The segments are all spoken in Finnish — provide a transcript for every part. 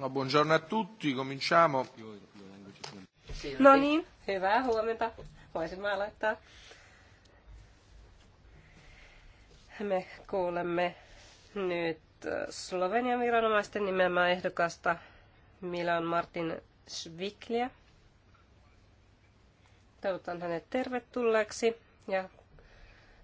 No, buongiorno a tutti, cominciamo. No niin. hyvää huomenta. Voisin mä aloittaa. Me kuulemme nyt äh, Slovenian viranomaisten nimeämää ehdokasta Milan Martin Schvikliä. Toivotan hänet tervetulleeksi ja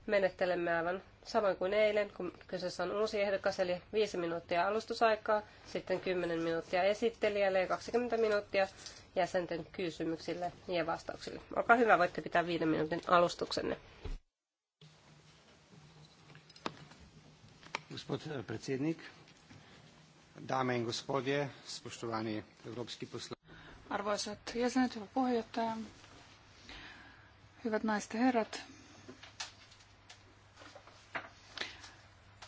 menettelemme aivan samoin kuin eilen, kun kyseessä on uusi ehdokas, eli 5 minuuttia alustusaikaa, sitten 10 minuuttia esittelijälle ja 20 minuuttia jäsenten kysymyksille ja vastauksille. Olkaa hyvä, voitte pitää viiden minuutin alustuksenne. Gospod predsednik, dame gospodje, spoštovani evropski poslanci. Arvoisat jäsenet, hyvä puheenjohtaja, hyvät naiset ja herrat,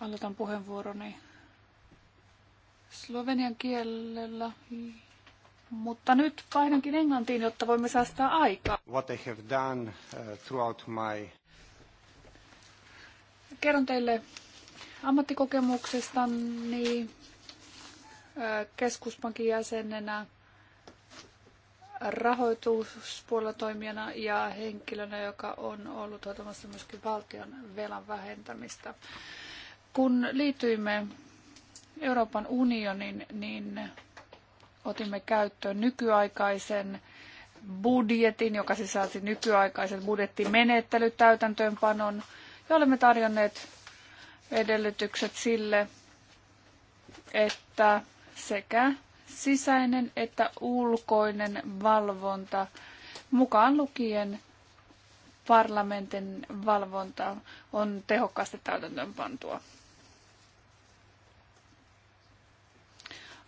Aloitan puheenvuoroni slovenian kielellä, mutta nyt painankin englantiin, jotta voimme säästää aikaa. What I have done uh, throughout my... Kerron teille ammattikokemuksestani uh, keskuspankin jäsenenä, rahoituspuolella toimijana ja henkilönä, joka on ollut hoitamassa myöskin valtion velan vähentämistä. Kun liityimme Euroopan unionin, niin otimme käyttöön nykyaikaisen budjetin, joka sisälsi nykyaikaiset budjettimenettelyt täytäntöönpanon, ja olemme tarjonneet edellytykset sille, että sekä sisäinen että ulkoinen valvonta, mukaan lukien parlamentin valvonta, on tehokkaasti täytäntöönpantua.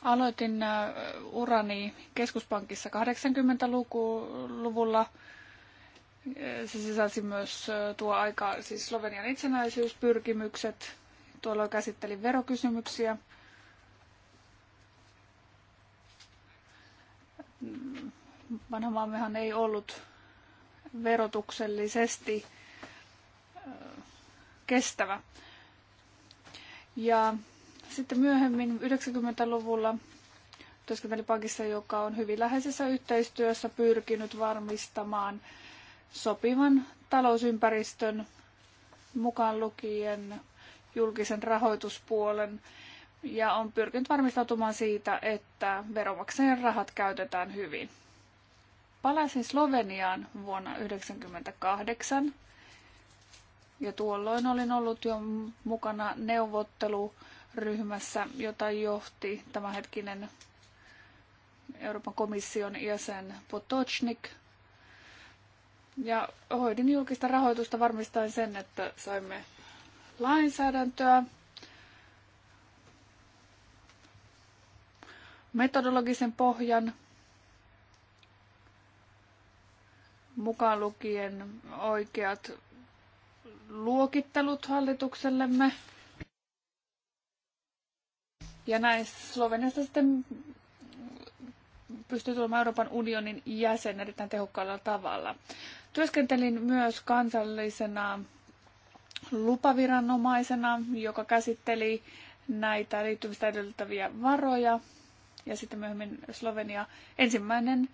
Aloitin äh, urani keskuspankissa 80-luvulla. Se sisälsi myös äh, tuo aika, siis Slovenian itsenäisyyspyrkimykset. Tuolloin käsittelin verokysymyksiä. Vanha maammehan ei ollut verotuksellisesti äh, kestävä. Ja sitten myöhemmin 90-luvulla työskenteli pankissa, joka on hyvin läheisessä yhteistyössä pyrkinyt varmistamaan sopivan talousympäristön mukaan lukien julkisen rahoituspuolen ja on pyrkinyt varmistautumaan siitä, että veronmaksajien rahat käytetään hyvin. Palasin Sloveniaan vuonna 1998 ja tuolloin olin ollut jo mukana neuvottelu ryhmässä, jota johti tämänhetkinen Euroopan komission jäsen Potocnik. Ja hoidin julkista rahoitusta varmistain sen, että saimme lainsäädäntöä, metodologisen pohjan, mukaan lukien oikeat luokittelut hallituksellemme ja näin Sloveniasta sitten pystyi tulemaan Euroopan unionin jäsen erittäin tehokkaalla tavalla. Työskentelin myös kansallisena lupaviranomaisena, joka käsitteli näitä liittymistä edellyttäviä varoja. Ja sitten myöhemmin Slovenia ensimmäinen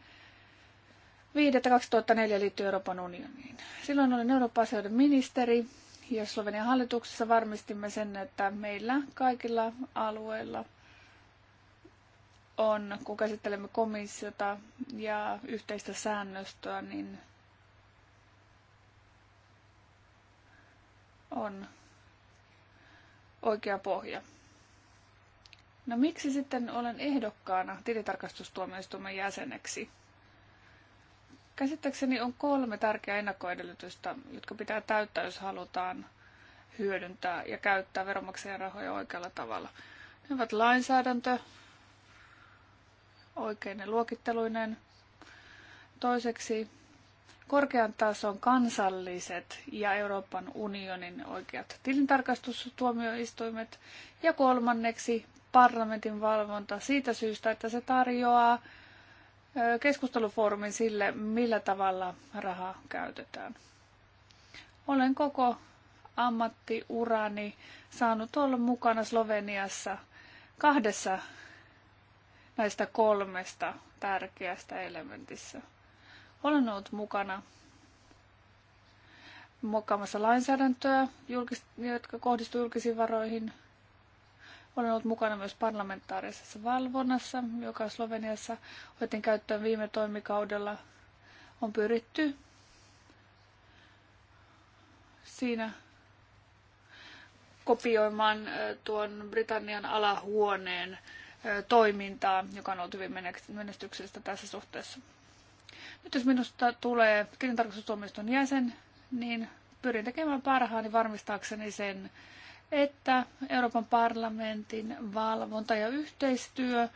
5.2004 liittyi Euroopan unioniin. Silloin olin Euroopan asioiden ministeri ja Slovenian hallituksessa varmistimme sen, että meillä kaikilla alueilla on, kun käsittelemme komissiota ja yhteistä säännöstöä, niin on oikea pohja. No miksi sitten olen ehdokkaana tilitarkastustuomioistuimen jäseneksi? Käsittääkseni on kolme tärkeää ennakkoedellytystä, jotka pitää täyttää, jos halutaan hyödyntää ja käyttää veronmaksajan rahoja oikealla tavalla. Ne ovat lainsäädäntö, oikeinen luokitteluinen, toiseksi korkean tason kansalliset ja Euroopan unionin oikeat tilintarkastustuomioistuimet ja kolmanneksi parlamentin valvonta siitä syystä, että se tarjoaa keskustelufoorumin sille, millä tavalla rahaa käytetään. Olen koko ammattiurani saanut olla mukana Sloveniassa kahdessa näistä kolmesta tärkeästä elementissä. Olen ollut mukana muokkaamassa lainsäädäntöä, jotka kohdistuu julkisiin varoihin – olen ollut mukana myös parlamentaarisessa valvonnassa, joka Sloveniassa otettiin käyttöön viime toimikaudella. On pyritty siinä kopioimaan tuon Britannian alahuoneen toimintaa, joka on ollut hyvin menestyksellistä tässä suhteessa. Nyt jos minusta tulee tilintarkastustuomioistuin jäsen, niin pyrin tekemään parhaani varmistaakseni sen, että Euroopan parlamentin valvonta ja yhteistyö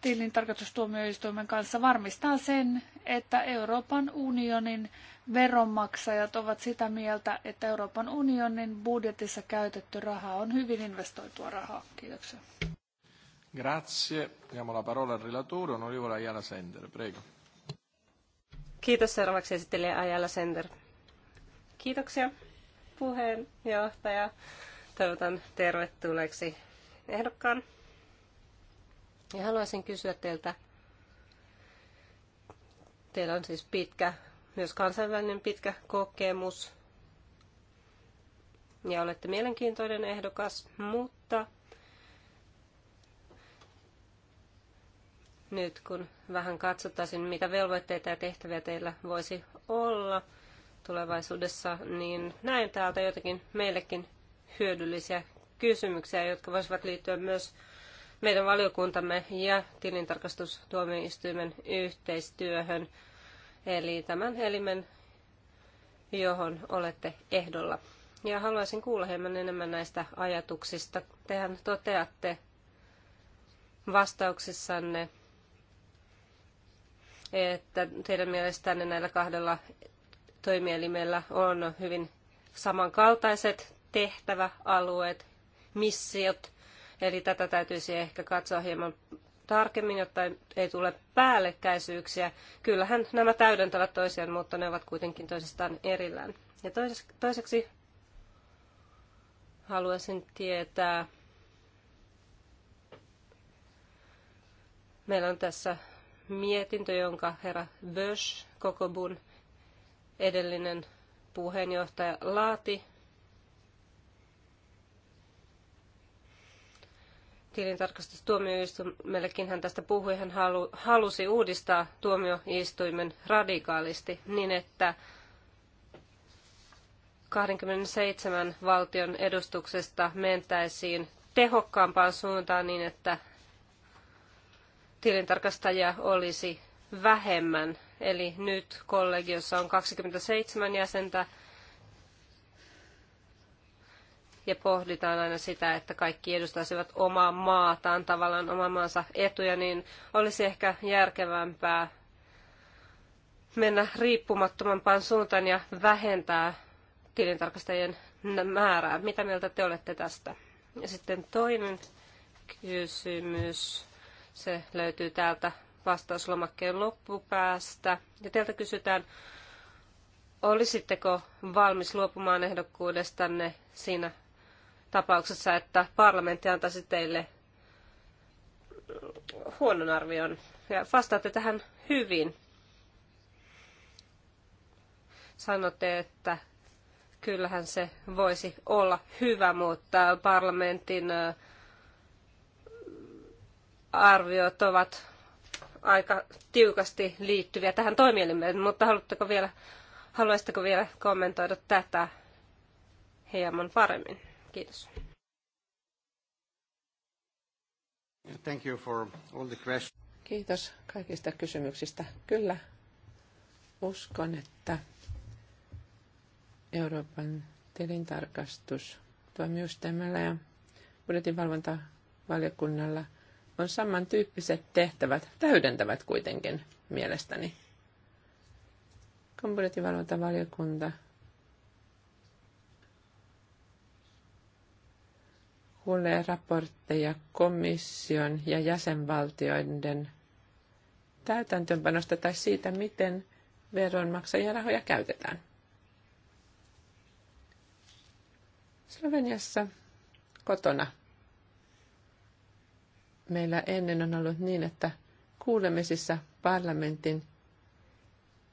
tilintarkastustuomioistuimen kanssa varmistaa sen, että Euroopan unionin veronmaksajat ovat sitä mieltä, että Euroopan unionin budjetissa käytetty raha on hyvin investoitua rahaa. Kiitoksia. Grazie. Diamo la parola al relatore, onorevole Ayala Sender. Prego. Kiitos seuraavaksi esittelijä Ayala Sender. Kiitoksia puheenjohtaja. Toivotan tervetulleeksi ehdokkaan. Ja haluaisin kysyä teiltä, teillä on siis pitkä, myös kansainvälinen pitkä kokemus ja olette mielenkiintoinen ehdokas, mutta nyt kun vähän katsottaisin mitä velvoitteita ja tehtäviä teillä voisi olla tulevaisuudessa, niin näen täältä jotakin meillekin hyödyllisiä kysymyksiä, jotka voisivat liittyä myös meidän valiokuntamme ja tilintarkastustuomioistuimen yhteistyöhön, eli tämän elimen, johon olette ehdolla. Ja haluaisin kuulla hieman enemmän näistä ajatuksista. Tehän toteatte vastauksissanne, että teidän mielestänne näillä kahdella toimielimellä on hyvin samankaltaiset tehtäväalueet, missiot. Eli tätä täytyisi ehkä katsoa hieman tarkemmin, jotta ei tule päällekkäisyyksiä. Kyllähän nämä täydentävät toisiaan, mutta ne ovat kuitenkin toisistaan erillään. Ja toiseksi haluaisin tietää, meillä on tässä mietintö, jonka herra Bösch, Kokobun edellinen puheenjohtaja, laati tilintarkastustuomioistuimellekin hän tästä puhui, hän halu, halusi uudistaa tuomioistuimen radikaalisti niin, että 27 valtion edustuksesta mentäisiin tehokkaampaan suuntaan niin, että tilintarkastajia olisi vähemmän. Eli nyt kollegiossa on 27 jäsentä ja pohditaan aina sitä, että kaikki edustaisivat omaa maataan, tavallaan oman maansa etuja, niin olisi ehkä järkevämpää mennä riippumattomampaan suuntaan ja vähentää tilintarkastajien määrää. Mitä mieltä te olette tästä? Ja sitten toinen kysymys, se löytyy täältä vastauslomakkeen loppupäästä. Ja teiltä kysytään, olisitteko valmis luopumaan ehdokkuudestanne siinä tapauksessa, että parlamentti antaisi teille huonon arvion. Ja vastaatte tähän hyvin. Sanotte, että kyllähän se voisi olla hyvä, mutta parlamentin arviot ovat aika tiukasti liittyviä tähän toimielimeen, mutta haluatteko vielä, haluaisitteko vielä kommentoida tätä hieman paremmin? Kiitos. Thank you for all the questions. Kiitos kaikista kysymyksistä. Kyllä, uskon, että Euroopan tilintarkastus tuomioistuimella ja budjetinvalvontavaliokunnalla on samantyyppiset tehtävät, täydentävät kuitenkin mielestäni. Kun budjetinvalvontavaliokunta kuulee raportteja komission ja jäsenvaltioiden täytäntöönpanosta tai siitä, miten veronmaksajien rahoja käytetään. Sloveniassa kotona meillä ennen on ollut niin, että kuulemisissa parlamentin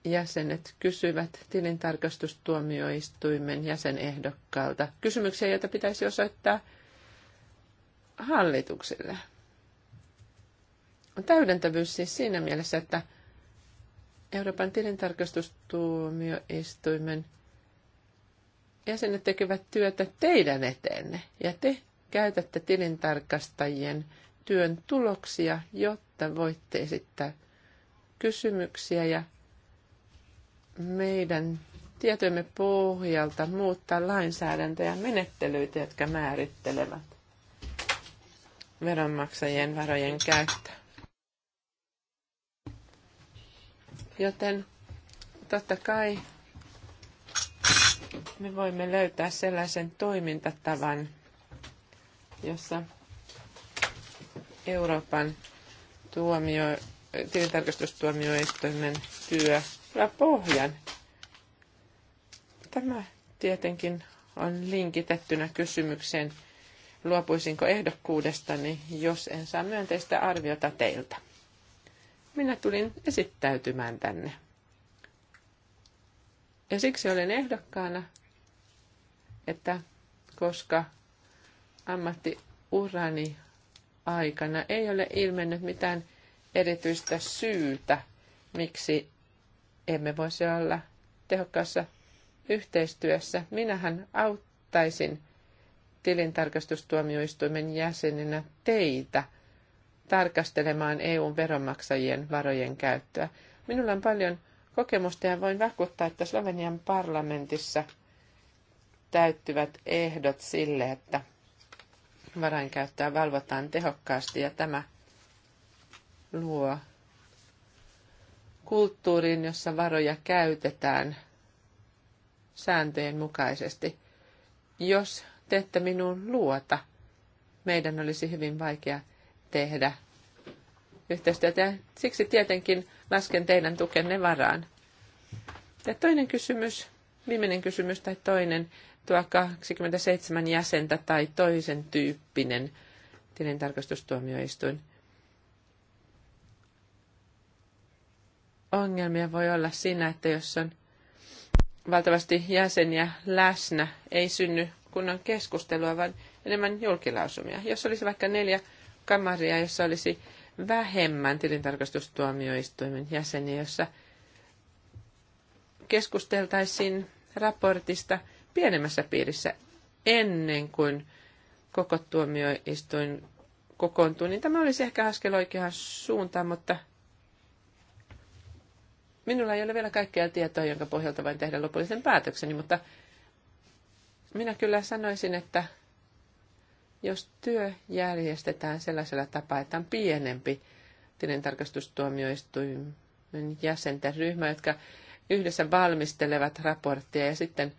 jäsenet kysyvät tilintarkastustuomioistuimen jäsenehdokkaalta kysymyksiä, joita pitäisi osoittaa – hallituksille. On täydentävyys siis siinä mielessä, että Euroopan tilintarkastustuomioistuimen jäsenet tekevät työtä teidän eteenne ja te käytätte tilintarkastajien työn tuloksia, jotta voitte esittää kysymyksiä ja meidän tietojemme pohjalta muuttaa lainsäädäntöjä ja menettelyitä, jotka määrittelevät veronmaksajien varojen käyttö. Joten totta kai me voimme löytää sellaisen toimintatavan, jossa Euroopan tuomio, tilintarkastustuomioistuimen työ ja pohjan. Tämä tietenkin on linkitettynä kysymykseen, luopuisinko ehdokkuudestani, jos en saa myönteistä arviota teiltä. Minä tulin esittäytymään tänne. Ja siksi olen ehdokkaana, että koska ammattiurani aikana ei ole ilmennyt mitään erityistä syytä, miksi emme voisi olla tehokkaassa yhteistyössä. Minähän auttaisin tilintarkastustuomioistuimen jäsenenä teitä tarkastelemaan EUn veronmaksajien varojen käyttöä. Minulla on paljon kokemusta ja voin vakuuttaa, että Slovenian parlamentissa täyttyvät ehdot sille, että varainkäyttöä valvotaan tehokkaasti ja tämä luo kulttuuriin, jossa varoja käytetään sääntöjen mukaisesti. Jos te ette minuun luota, meidän olisi hyvin vaikea tehdä yhteistyötä. Ja siksi tietenkin lasken teidän tukenne varaan. Ja toinen kysymys, viimeinen kysymys tai toinen, tuo 27 jäsentä tai toisen tyyppinen tilintarkastustuomioistuin. Ongelmia voi olla siinä, että jos on valtavasti jäseniä läsnä, ei synny kunnan keskustelua, vaan enemmän julkilausumia. Jos olisi vaikka neljä kamaria, jossa olisi vähemmän tilintarkastustuomioistuimen jäseniä, jossa keskusteltaisiin raportista pienemmässä piirissä ennen kuin koko tuomioistuin kokoontuu, niin tämä olisi ehkä askel oikeaan suuntaan, mutta minulla ei ole vielä kaikkea tietoa, jonka pohjalta vain tehdä lopullisen päätökseni, mutta minä kyllä sanoisin, että jos työ järjestetään sellaisella tapaa, että on pienempi tilintarkastustuomioistuimen jäsenten ryhmä, jotka yhdessä valmistelevat raporttia ja sitten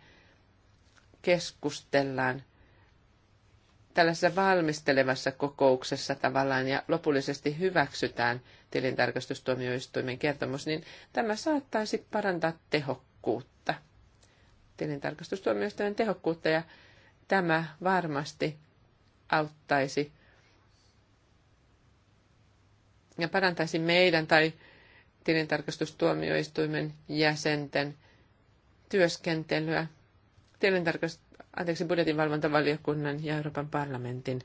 keskustellaan tällaisessa valmistelevassa kokouksessa tavallaan ja lopullisesti hyväksytään tilintarkastustuomioistuimen kertomus, niin tämä saattaisi parantaa tehokkuutta tilintarkastustuomioistuimen tehokkuutta ja tämä varmasti auttaisi ja parantaisi meidän tai tilintarkastustuomioistuimen jäsenten työskentelyä tilintarkast- anteeksi, budjetinvalvontavaliokunnan ja Euroopan parlamentin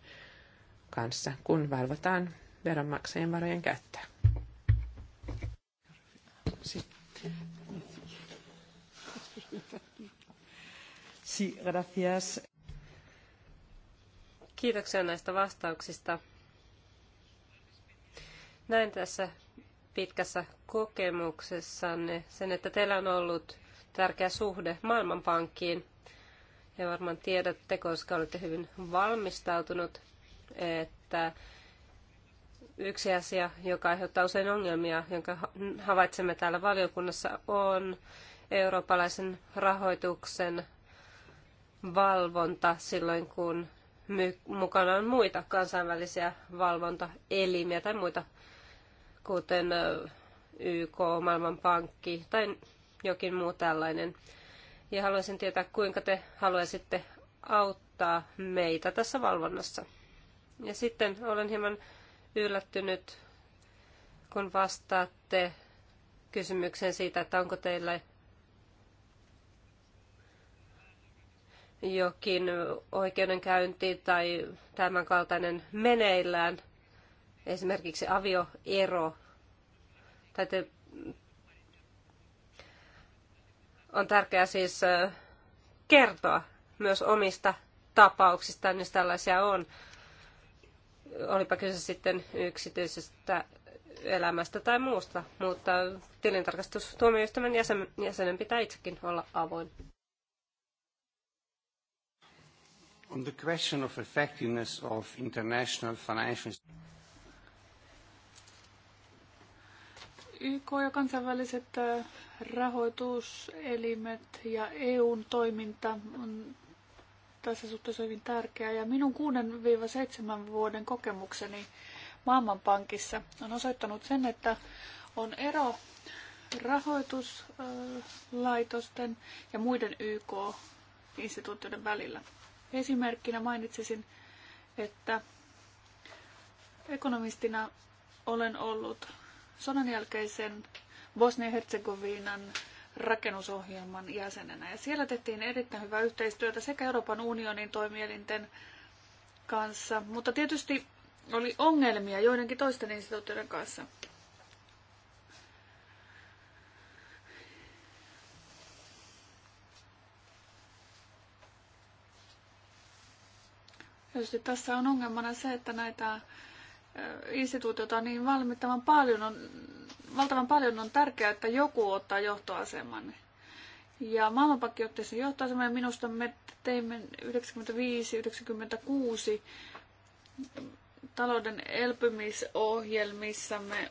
kanssa, kun valvotaan veronmaksajien varojen käyttöä. Sitten. Kiitoksia näistä vastauksista. Näin tässä pitkässä kokemuksessanne sen, että teillä on ollut tärkeä suhde Maailmanpankkiin. Ja varmaan tiedätte, koska olette hyvin valmistautunut, että yksi asia, joka aiheuttaa usein ongelmia, jonka havaitsemme täällä valiokunnassa, on eurooppalaisen rahoituksen valvonta silloin, kun mukana on muita kansainvälisiä valvontaelimiä tai muita, kuten YK, Maailmanpankki tai jokin muu tällainen. Ja haluaisin tietää, kuinka te haluaisitte auttaa meitä tässä valvonnassa. Ja sitten olen hieman yllättynyt, kun vastaatte kysymykseen siitä, että onko teillä jokin oikeudenkäynti tai tämän meneillään, esimerkiksi avioero, tai te, on tärkeää siis kertoa myös omista tapauksistaan, jos tällaisia on. Olipa kyse sitten yksityisestä elämästä tai muusta, mutta tilintarkastustuomioistuimen jäsen, jäsenen pitää itsekin olla avoin. On the question of effectiveness of international financial... YK ja kansainväliset äh, rahoituselimet ja EUn toiminta on tässä suhteessa hyvin tärkeää. Ja minun 6-7 vuoden kokemukseni Maailmanpankissa on osoittanut sen, että on ero rahoituslaitosten ja muiden YK-instituutioiden välillä. Esimerkkinä mainitsisin, että ekonomistina olen ollut sodan jälkeisen Bosnia-Herzegovinan rakennusohjelman jäsenenä. Ja siellä tehtiin erittäin hyvää yhteistyötä sekä Euroopan unionin toimielinten kanssa, mutta tietysti oli ongelmia joidenkin toisten instituutioiden kanssa. Tietysti tässä on ongelmana se, että näitä instituutioita on niin valmittavan paljon, on, valtavan paljon on tärkeää, että joku ottaa johtoaseman. Ja Maailmanpankki otti sen johtoaseman ja minusta me teimme 95-96 talouden elpymisohjelmissamme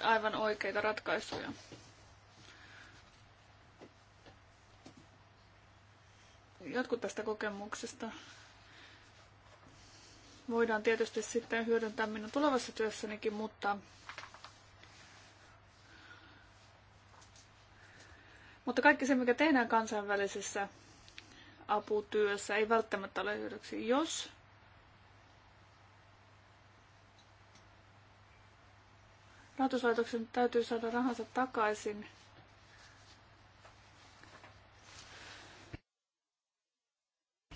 aivan oikeita ratkaisuja. Jotkut tästä kokemuksesta voidaan tietysti sitten hyödyntää minun tulevassa työssänikin, mutta, mutta kaikki se, mikä tehdään kansainvälisessä aputyössä, ei välttämättä ole hyödyksi. Jos rahoituslaitoksen täytyy saada rahansa takaisin,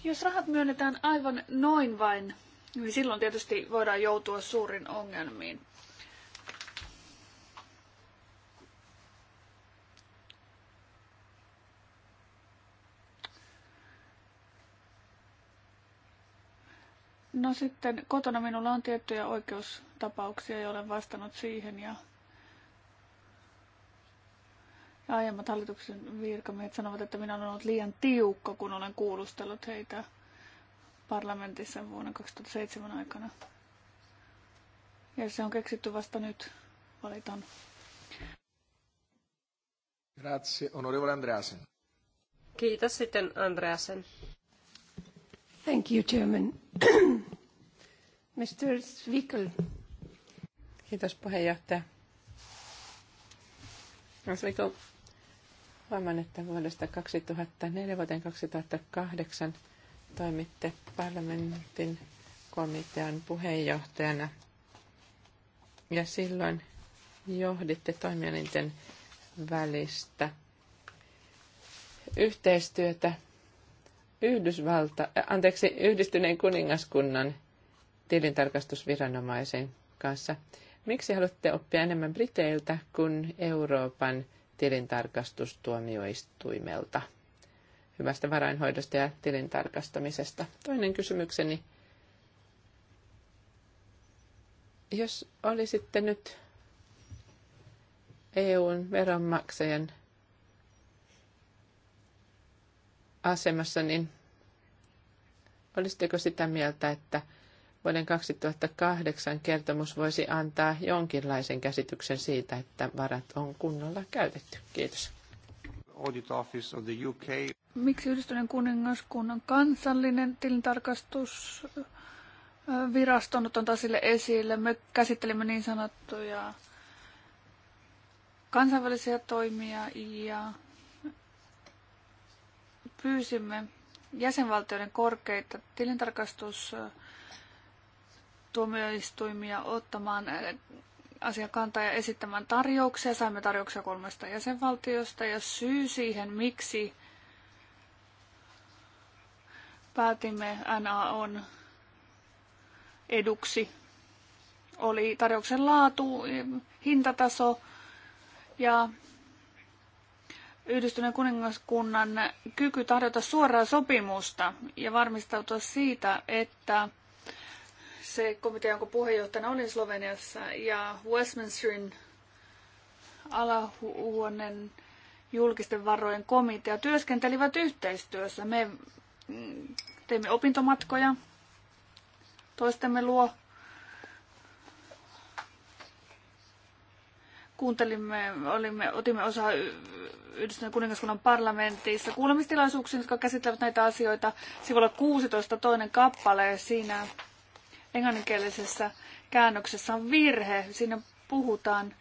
jos rahat myönnetään aivan noin vain niin silloin tietysti voidaan joutua suurin ongelmiin. No sitten kotona minulla on tiettyjä oikeustapauksia ja olen vastannut siihen ja, ja aiemmat hallituksen virkamiehet sanovat, että minä olen ollut liian tiukka, kun olen kuulustellut heitä parlamentissa vuonna 2007 aikana. Ja se on keksitty vasta nyt. Valitan. Grazie, onorevole Andreasen. Kiitos sitten Andreasen. Thank you, Chairman. Mr. Zwickel. Kiitos puheenjohtaja. Svickel, no, huomaan, että vuodesta 2004 vuoteen 2008 toimitte parlamentin komitean puheenjohtajana ja silloin johditte toimielinten välistä yhteistyötä Yhdysvalta, äh, anteeksi, yhdistyneen kuningaskunnan tilintarkastusviranomaisen kanssa. Miksi haluatte oppia enemmän Briteiltä kuin Euroopan tilintarkastustuomioistuimelta? hyvästä varainhoidosta ja tilintarkastamisesta. Toinen kysymykseni. Jos olisitte nyt EUn veronmaksajan asemassa, niin olisitteko sitä mieltä, että vuoden 2008 kertomus voisi antaa jonkinlaisen käsityksen siitä, että varat on kunnolla käytetty? Kiitos. Audit Office of the UK miksi yhdistyneen kuningaskunnan kansallinen tilintarkastus on taas sille esille. Me käsittelimme niin sanottuja kansainvälisiä toimia ja pyysimme jäsenvaltioiden korkeita tilintarkastustuomioistuimia ottamaan asiakantaa ja esittämään tarjouksia. Saimme tarjouksia kolmesta jäsenvaltiosta ja syy siihen, miksi päätimme NAOn eduksi oli tarjouksen laatu, hintataso ja yhdistyneen kuningaskunnan kyky tarjota suoraa sopimusta ja varmistautua siitä, että se komitea, jonka puheenjohtajana olin Sloveniassa ja Westminsterin alahuoneen julkisten varojen komitea työskentelivät yhteistyössä. Me teimme opintomatkoja toistemme luo. Kuuntelimme, olimme, otimme osaa Yhdistyneen kuningaskunnan parlamentissa kuulemistilaisuuksiin, jotka käsittelevät näitä asioita. Sivulla 16 toinen kappale siinä englanninkielisessä käännöksessä on virhe. Siinä puhutaan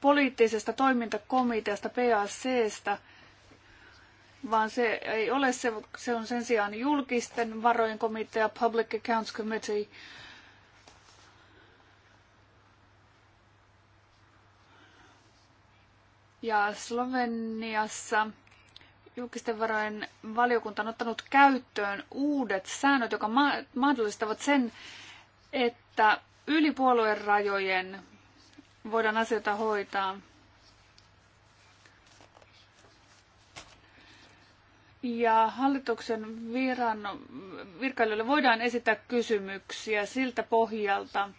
poliittisesta toimintakomiteasta, PACstä, vaan se ei ole se, se on sen sijaan julkisten varojen komitea, Public Accounts Committee, Ja Sloveniassa julkisten varojen valiokunta on ottanut käyttöön uudet säännöt, jotka ma- mahdollistavat sen, että yli puolueen rajojen voidaan asioita hoitaa. Ja hallituksen viran, virkailijoille voidaan esittää kysymyksiä siltä pohjalta,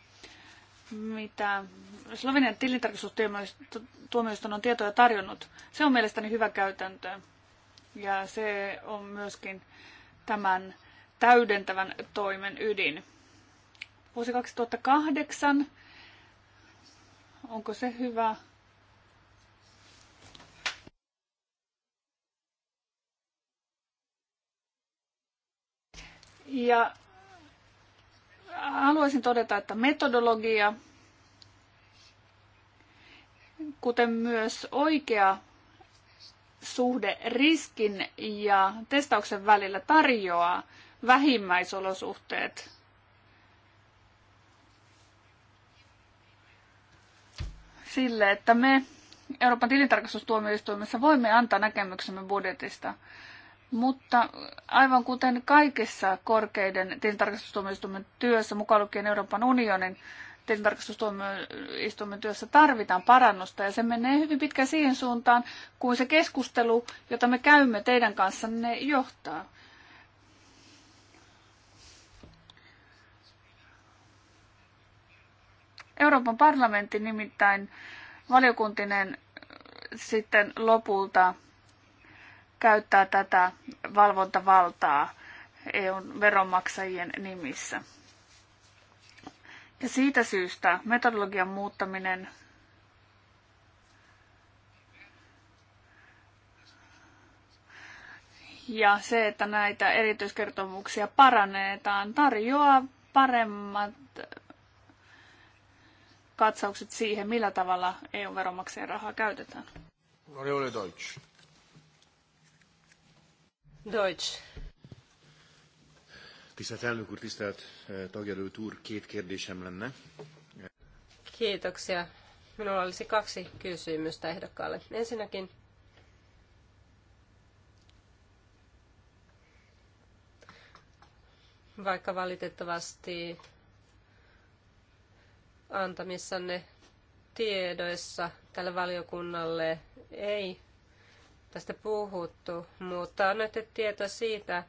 mitä Slovenian tilintarkastustuomioistuin on tietoja tarjonnut. Se on mielestäni hyvä käytäntö. Ja se on myöskin tämän täydentävän toimen ydin. Vuosi 2008, onko se hyvä Ja haluaisin todeta, että metodologia, kuten myös oikea suhde riskin ja testauksen välillä tarjoaa vähimmäisolosuhteet. Sille, että me Euroopan tilintarkastustuomioistuimessa voimme antaa näkemyksemme budjetista. Mutta aivan kuten kaikessa korkeiden tilintarkastustuomioistuimen työssä, mukaan lukien Euroopan unionin tilintarkastustuomioistuimen työssä, tarvitaan parannusta. Ja se menee hyvin pitkä siihen suuntaan, kuin se keskustelu, jota me käymme teidän kanssanne, johtaa. Euroopan parlamentti nimittäin valiokuntinen sitten lopulta käyttää tätä valvontavaltaa EUn veronmaksajien nimissä. Ja siitä syystä metodologian muuttaminen ja se, että näitä erityiskertomuksia paranneetaan, tarjoaa paremmat katsaukset siihen, millä tavalla EU-veronmaksajien rahaa käytetään. Olle Deutsch. Deutsch. Tisztelt elnök úr, tisztelt tagjelölt úr, két kérdésem lenne. Kiitoksia. Minulla olisi kaksi kysymystä ehdokkaalle. Ensinnäkin, vaikka valitettavasti antamissanne tiedoissa tälle valiokunnalle ei tästä puhuttu, mutta annoitte tietoa siitä,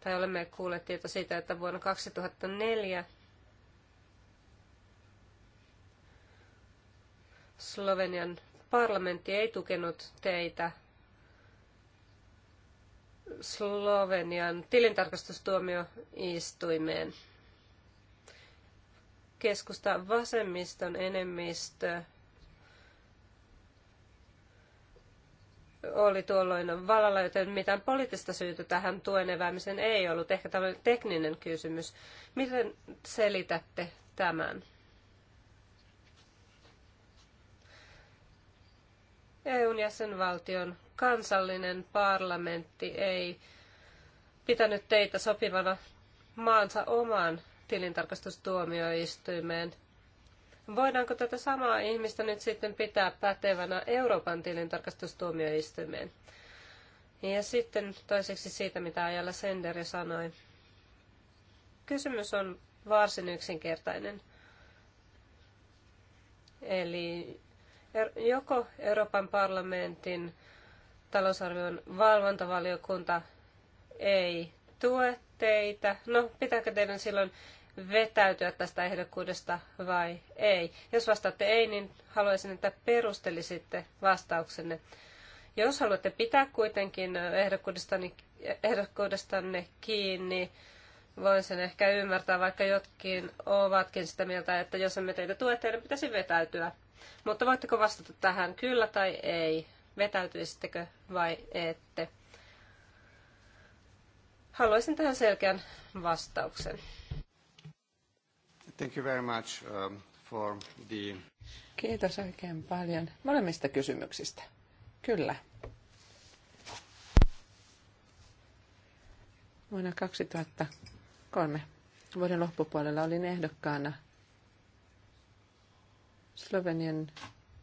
tai olemme kuulleet tietoa siitä, että vuonna 2004 Slovenian parlamentti ei tukenut teitä Slovenian tilintarkastustuomioistuimeen. Keskusta vasemmiston enemmistö oli tuolloin vallalla, joten mitään poliittista syytä tähän tuen eväämiseen ei ollut. Ehkä tämä oli tekninen kysymys. Miten selitätte tämän? EUn jäsenvaltion kansallinen parlamentti ei pitänyt teitä sopivana maansa omaan tilintarkastustuomioistuimeen – Voidaanko tätä samaa ihmistä nyt sitten pitää pätevänä Euroopan tilintarkastustuomioistuimeen? Ja sitten toiseksi siitä, mitä Ajalla Senderi sanoi. Kysymys on varsin yksinkertainen. Eli er, joko Euroopan parlamentin talousarvion valvontavaliokunta ei tue teitä. No, pitääkö teidän silloin vetäytyä tästä ehdokkuudesta vai ei. Jos vastaatte ei, niin haluaisin, että perustelisitte vastauksenne. Jos haluatte pitää kuitenkin ehdokkuudestanne, ehdokkuudestanne kiinni, voin sen ehkä ymmärtää, vaikka jotkin ovatkin sitä mieltä, että jos emme teitä tue, teidän pitäisi vetäytyä. Mutta voitteko vastata tähän kyllä tai ei? Vetäytyisittekö vai ette? Haluaisin tähän selkeän vastauksen. Thank you very much um, for the... Kiitos oikein paljon molemmista kysymyksistä. Kyllä. Vuonna 2003 vuoden loppupuolella olin ehdokkaana Slovenian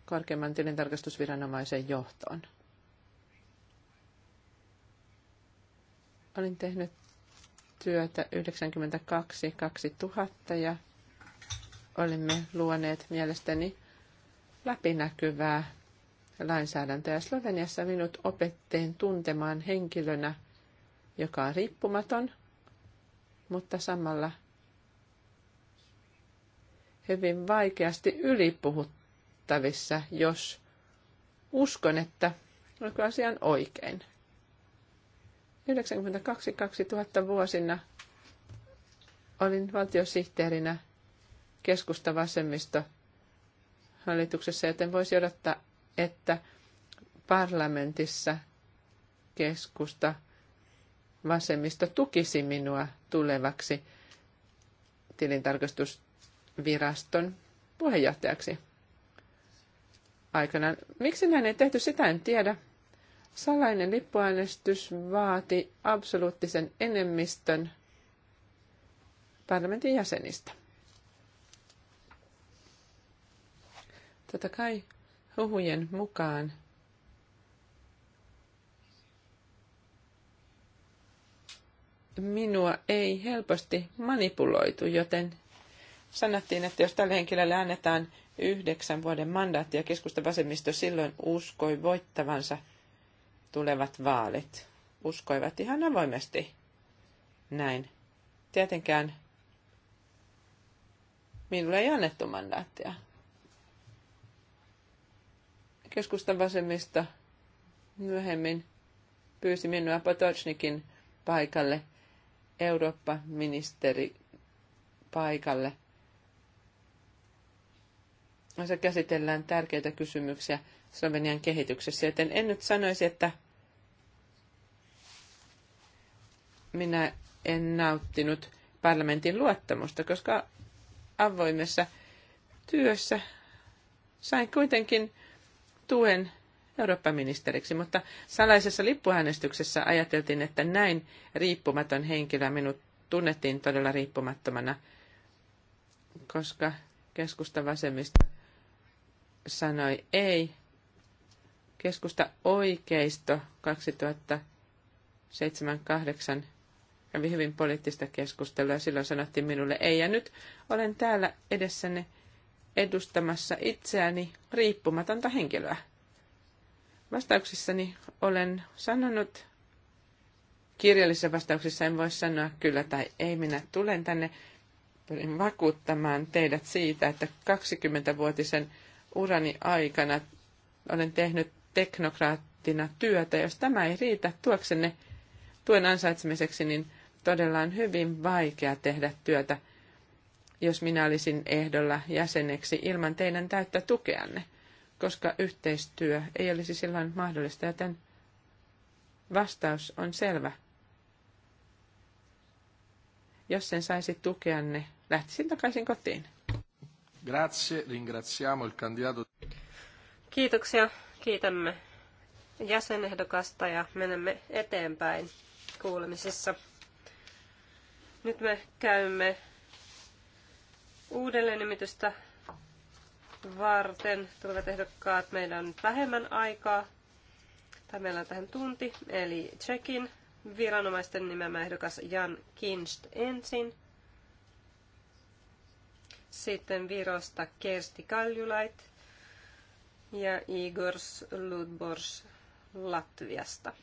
korkeimman tilintarkastusviranomaisen johtoon. Olin tehnyt työtä 92-2000 ja Olimme luoneet mielestäni läpinäkyvää lainsäädäntöä. Sloveniassa minut opettiin tuntemaan henkilönä, joka on riippumaton, mutta samalla hyvin vaikeasti ylipuhuttavissa, jos uskon, että onko asian oikein. 92-2000 vuosina olin valtiosihteerinä – keskusta vasemmisto hallituksessa, joten voisi odottaa, että parlamentissa keskusta vasemmisto tukisi minua tulevaksi tilintarkastusviraston puheenjohtajaksi aikanaan. Miksi näin ei tehty, sitä en tiedä. Salainen lippuäänestys vaati absoluuttisen enemmistön parlamentin jäsenistä. Totta kai huhujen mukaan minua ei helposti manipuloitu, joten sanottiin, että jos tälle henkilölle annetaan yhdeksän vuoden mandaatti ja vasemmisto silloin uskoi voittavansa tulevat vaalit. Uskoivat ihan avoimesti näin. Tietenkään minulle ei annettu mandaattia keskustan vasemmista myöhemmin pyysi minua Potocnikin paikalle, Eurooppa-ministeri paikalle. Se käsitellään tärkeitä kysymyksiä Slovenian kehityksessä, joten en nyt sanoisi, että minä en nauttinut parlamentin luottamusta, koska avoimessa työssä sain kuitenkin tuen ministeriksi, mutta salaisessa lippuäänestyksessä ajateltiin, että näin riippumaton henkilö minut tunnettiin todella riippumattomana, koska keskusta vasemmista sanoi ei. Keskusta oikeisto 2007-2008 kävi hyvin poliittista keskustelua ja silloin sanottiin minulle ei. Ja nyt olen täällä edessänne edustamassa itseäni riippumatonta henkilöä. Vastauksissani olen sanonut, kirjallisissa vastauksissa en voi sanoa kyllä tai ei, minä tulen tänne, pyrin vakuuttamaan teidät siitä, että 20-vuotisen urani aikana olen tehnyt teknokraattina työtä. Jos tämä ei riitä tuoksenne tuen ansaitsemiseksi, niin todella on hyvin vaikea tehdä työtä – jos minä olisin ehdolla jäseneksi ilman teidän täyttä tukeanne, koska yhteistyö ei olisi silloin mahdollista, joten vastaus on selvä. Jos sen saisi tukeanne, lähtisin takaisin kotiin. Grazie, ringraziamo il candidato. Kiitoksia, kiitämme jäsenehdokasta ja menemme eteenpäin kuulemisessa. Nyt me käymme Uudelleen nimitystä varten tulevat ehdokkaat meillä on nyt vähemmän aikaa, tai meillä on tähän tunti, eli Tsekin viranomaisten nimeämä ehdokas Jan Kinst ensin. Sitten Virosta Kersti Kaljulait ja Igors Ludbors Latviasta.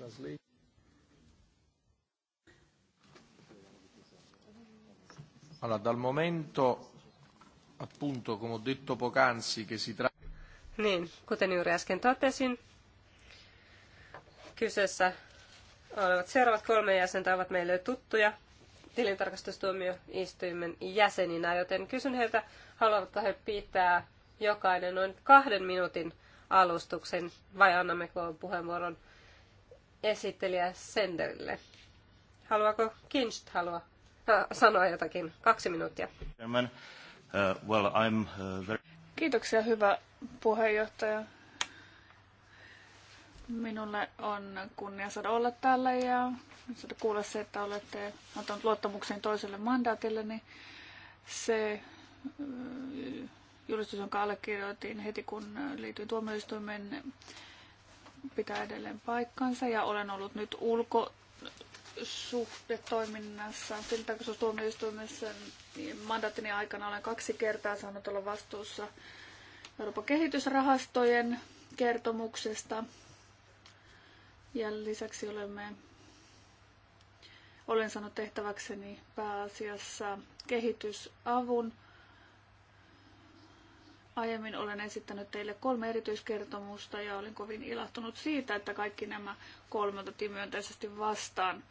las leyes. Allora, dal momento, appunto, come ho detto poc'anzi, che si tratta... Niin, kuten juuri äsken totesin, kyseessä olevat seuraavat kolme jäsentä ovat meille tuttuja tilintarkastustuomioistuimen jäseninä, joten kysyn heiltä, haluavatko he pitää jokainen noin kahden minuutin alustuksen vai annammeko puheenvuoron esittelijä Senderille. Haluaako Kinst halua äh, sanoa jotakin? Kaksi minuuttia. uh, well, I'm, uh, very... Kiitoksia, hyvä puheenjohtaja. Minulle on kunnia saada olla täällä ja saada kuulla se, että olette antanut luottamuksen toiselle mandaatille, niin se äh, julistus, jonka allekirjoitin heti kun liityin tuomioistuimen pitää edelleen paikkansa ja olen ollut nyt ulko ulkosuhdetoiminnassa, tilintarkastustuomioistuimessa niin mandaattini aikana olen kaksi kertaa saanut olla vastuussa Euroopan kehitysrahastojen kertomuksesta. Ja lisäksi olemme, olen saanut tehtäväkseni pääasiassa kehitysavun Aiemmin olen esittänyt teille kolme erityiskertomusta ja olin kovin ilahtunut siitä, että kaikki nämä kolme otettiin myönteisesti vastaan.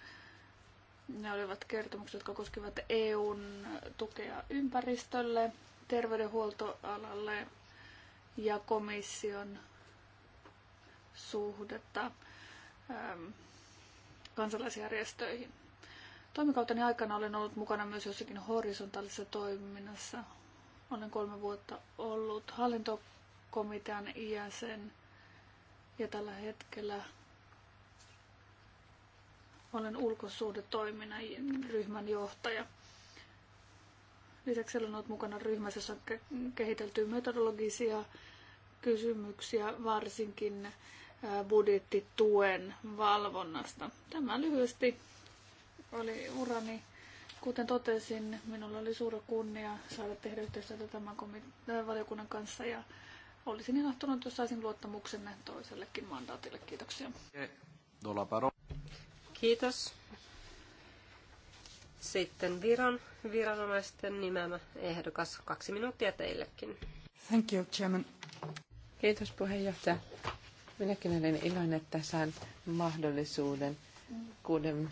Ne olivat kertomukset, jotka koskivat EUn tukea ympäristölle, terveydenhuoltoalalle ja komission suhdetta ähm, kansalaisjärjestöihin. Toimikauteni aikana olen ollut mukana myös jossakin horisontaalisessa toiminnassa, olen kolme vuotta ollut hallintokomitean jäsen ja tällä hetkellä olen ulkosuhdetoiminnan ryhmän johtaja. Lisäksi olen ollut mukana ryhmässä, jossa on kehitelty metodologisia kysymyksiä, varsinkin budjettituen valvonnasta. Tämä lyhyesti oli urani Kuten totesin, minulla oli suuri kunnia saada tehdä yhteistyötä tämän valiokunnan kanssa ja olisin ilahtunut, jos saisin luottamuksenne toisellekin mandaatille. Kiitoksia. Kiitos. Sitten Viron viranomaisten nimeämä ehdokas. Kaksi minuuttia teillekin. Thank you, Chairman. Kiitos puheenjohtaja. Minäkin olen iloinen, että saan mahdollisuuden kuuden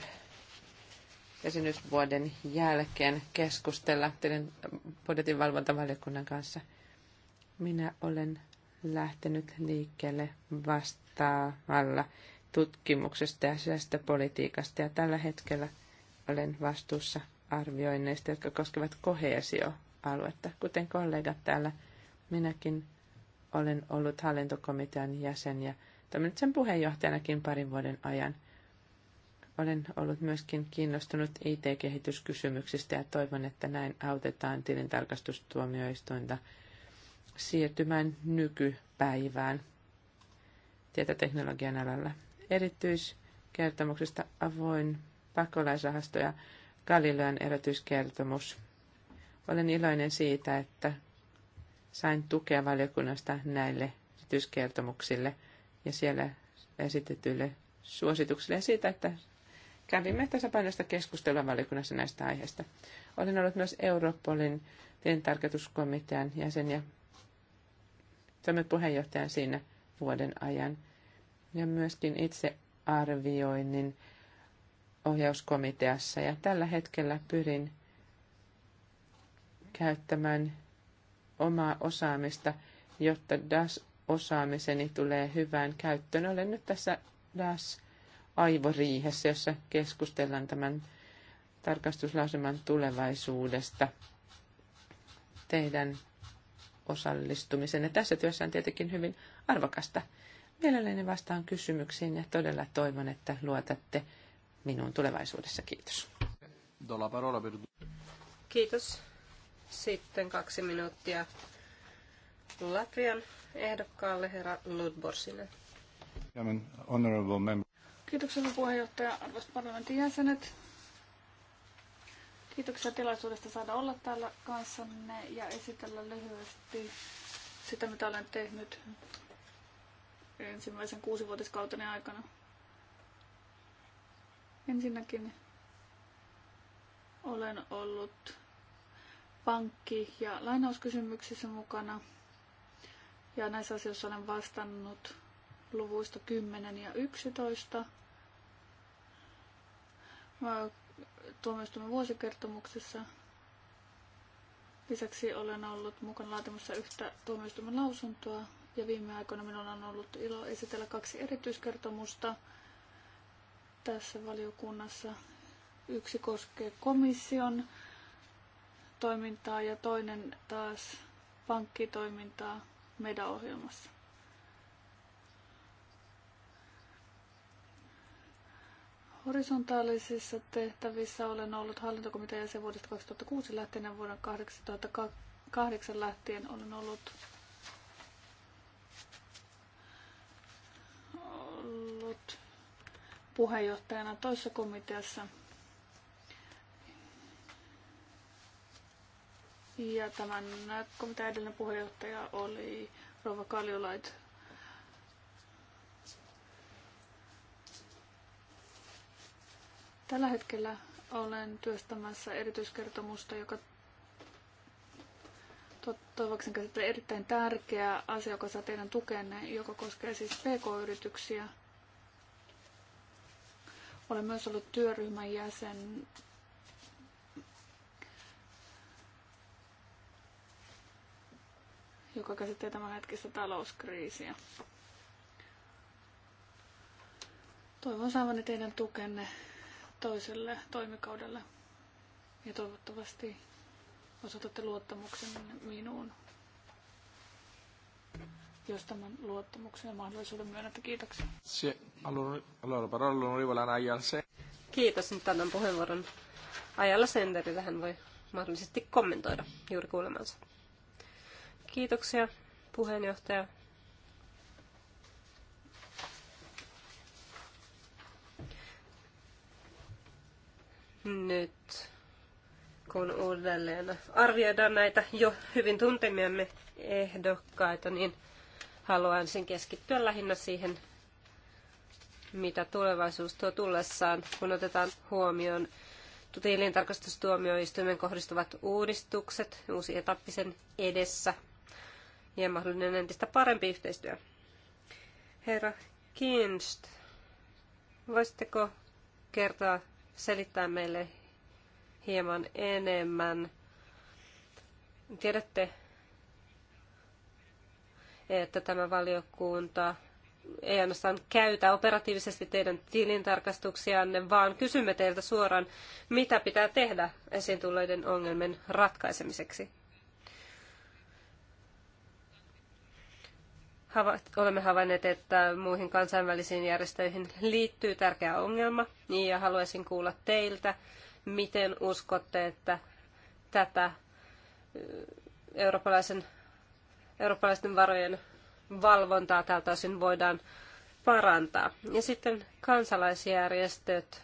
jäsenyysvuoden jälkeen keskustella teidän valvontavaliokunnan kanssa. Minä olen lähtenyt liikkeelle vastaamalla tutkimuksesta ja sisäisestä politiikasta ja tällä hetkellä olen vastuussa arvioinneista, jotka koskevat koheesioaluetta. Kuten kollegat täällä, minäkin olen ollut hallintokomitean jäsen ja toiminut sen puheenjohtajanakin parin vuoden ajan – olen ollut myöskin kiinnostunut IT-kehityskysymyksistä ja toivon, että näin autetaan tilintarkastustuomioistuinta siirtymään nykypäivään tietoteknologian alalla. Erityiskertomuksesta avoin pakolaisrahasto ja Galilean erityiskertomus. Olen iloinen siitä, että sain tukea valiokunnasta näille erityiskertomuksille ja siellä esitetyille suosituksille ja siitä, että kävimme tasapainoista keskustelua valiokunnassa näistä aiheista. Olen ollut myös Europolin tarkoituskomitean jäsen ja toimin puheenjohtajan siinä vuoden ajan. Ja myöskin itse arvioinnin ohjauskomiteassa. Ja tällä hetkellä pyrin käyttämään omaa osaamista, jotta DAS-osaamiseni tulee hyvään käyttöön. Olen nyt tässä DAS- aivoriihessä, jossa keskustellaan tämän tarkastuslauseman tulevaisuudesta teidän osallistumisenne tässä työssä on tietenkin hyvin arvokasta. Mielelläni vastaan kysymyksiin ja todella toivon, että luotatte minuun tulevaisuudessa. Kiitos. Kiitos. Sitten kaksi minuuttia Latvian ehdokkaalle herra Ludborsinen. Honorable member. Kiitoksia puheenjohtaja, arvoisat parlamentin jäsenet. Kiitoksia tilaisuudesta saada olla täällä kanssanne ja esitellä lyhyesti sitä, mitä olen tehnyt ensimmäisen kuusivuotiskauteni aikana. Ensinnäkin olen ollut pankki- ja lainauskysymyksissä mukana. Ja näissä asioissa olen vastannut luvuista 10 ja 11 tuomioistuimen vuosikertomuksessa. Lisäksi olen ollut mukana laatimassa yhtä tuomioistuimen lausuntoa ja viime aikoina minulla on ollut ilo esitellä kaksi erityiskertomusta tässä valiokunnassa. Yksi koskee komission toimintaa ja toinen taas pankkitoimintaa meidän ohjelmassa Horisontaalisissa tehtävissä olen ollut hallintokomitean jäsen vuodesta 2006 lähtien ja vuoden 2008 lähtien olen ollut, ollut puheenjohtajana toisessa komiteassa. Ja tämän komitean edellinen puheenjohtaja oli Rova Kaljulait Tällä hetkellä olen työstämässä erityiskertomusta, joka toivoksi käsittää erittäin tärkeä asia, joka saa teidän tukenne, joka koskee siis pk-yrityksiä. Olen myös ollut työryhmän jäsen joka käsittää tämän hetkistä talouskriisiä. Toivon saavani teidän tukenne toiselle toimikaudelle. Ja toivottavasti osoitatte luottamuksen minuun. Jos tämän luottamuksen ja mahdollisuuden myönnätte, kiitoksia. Kiitos, nyt annan puheenvuoron Ajalla Senderille. Hän voi mahdollisesti kommentoida juuri kuulemansa. Kiitoksia puheenjohtaja nyt, kun uudelleen arvioidaan näitä jo hyvin tuntemiamme ehdokkaita, niin haluaisin keskittyä lähinnä siihen, mitä tulevaisuus tuo tullessaan, kun otetaan huomioon tilintarkastustuomioistuimen kohdistuvat uudistukset, uusi etappisen edessä ja mahdollinen entistä parempi yhteistyö. Herra Kinst, voisitteko kertoa selittää meille hieman enemmän. Tiedätte, että tämä valiokunta ei ainoastaan käytä operatiivisesti teidän tilintarkastuksianne, vaan kysymme teiltä suoraan, mitä pitää tehdä esiin tulleiden ongelmien ratkaisemiseksi. olemme havainneet, että muihin kansainvälisiin järjestöihin liittyy tärkeä ongelma, niin, ja haluaisin kuulla teiltä, miten uskotte, että tätä eurooppalaisen, eurooppalaisten varojen valvontaa tältä osin voidaan parantaa. Ja sitten kansalaisjärjestöt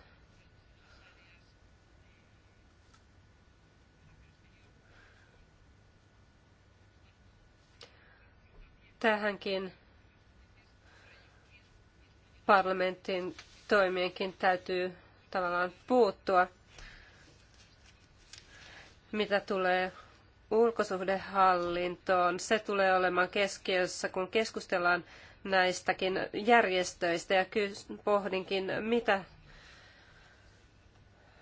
Tähänkin parlamentin toimienkin täytyy tavallaan puuttua. Mitä tulee ulkosuhdehallintoon, se tulee olemaan keskiössä, kun keskustellaan näistäkin järjestöistä ja pohdinkin, mitä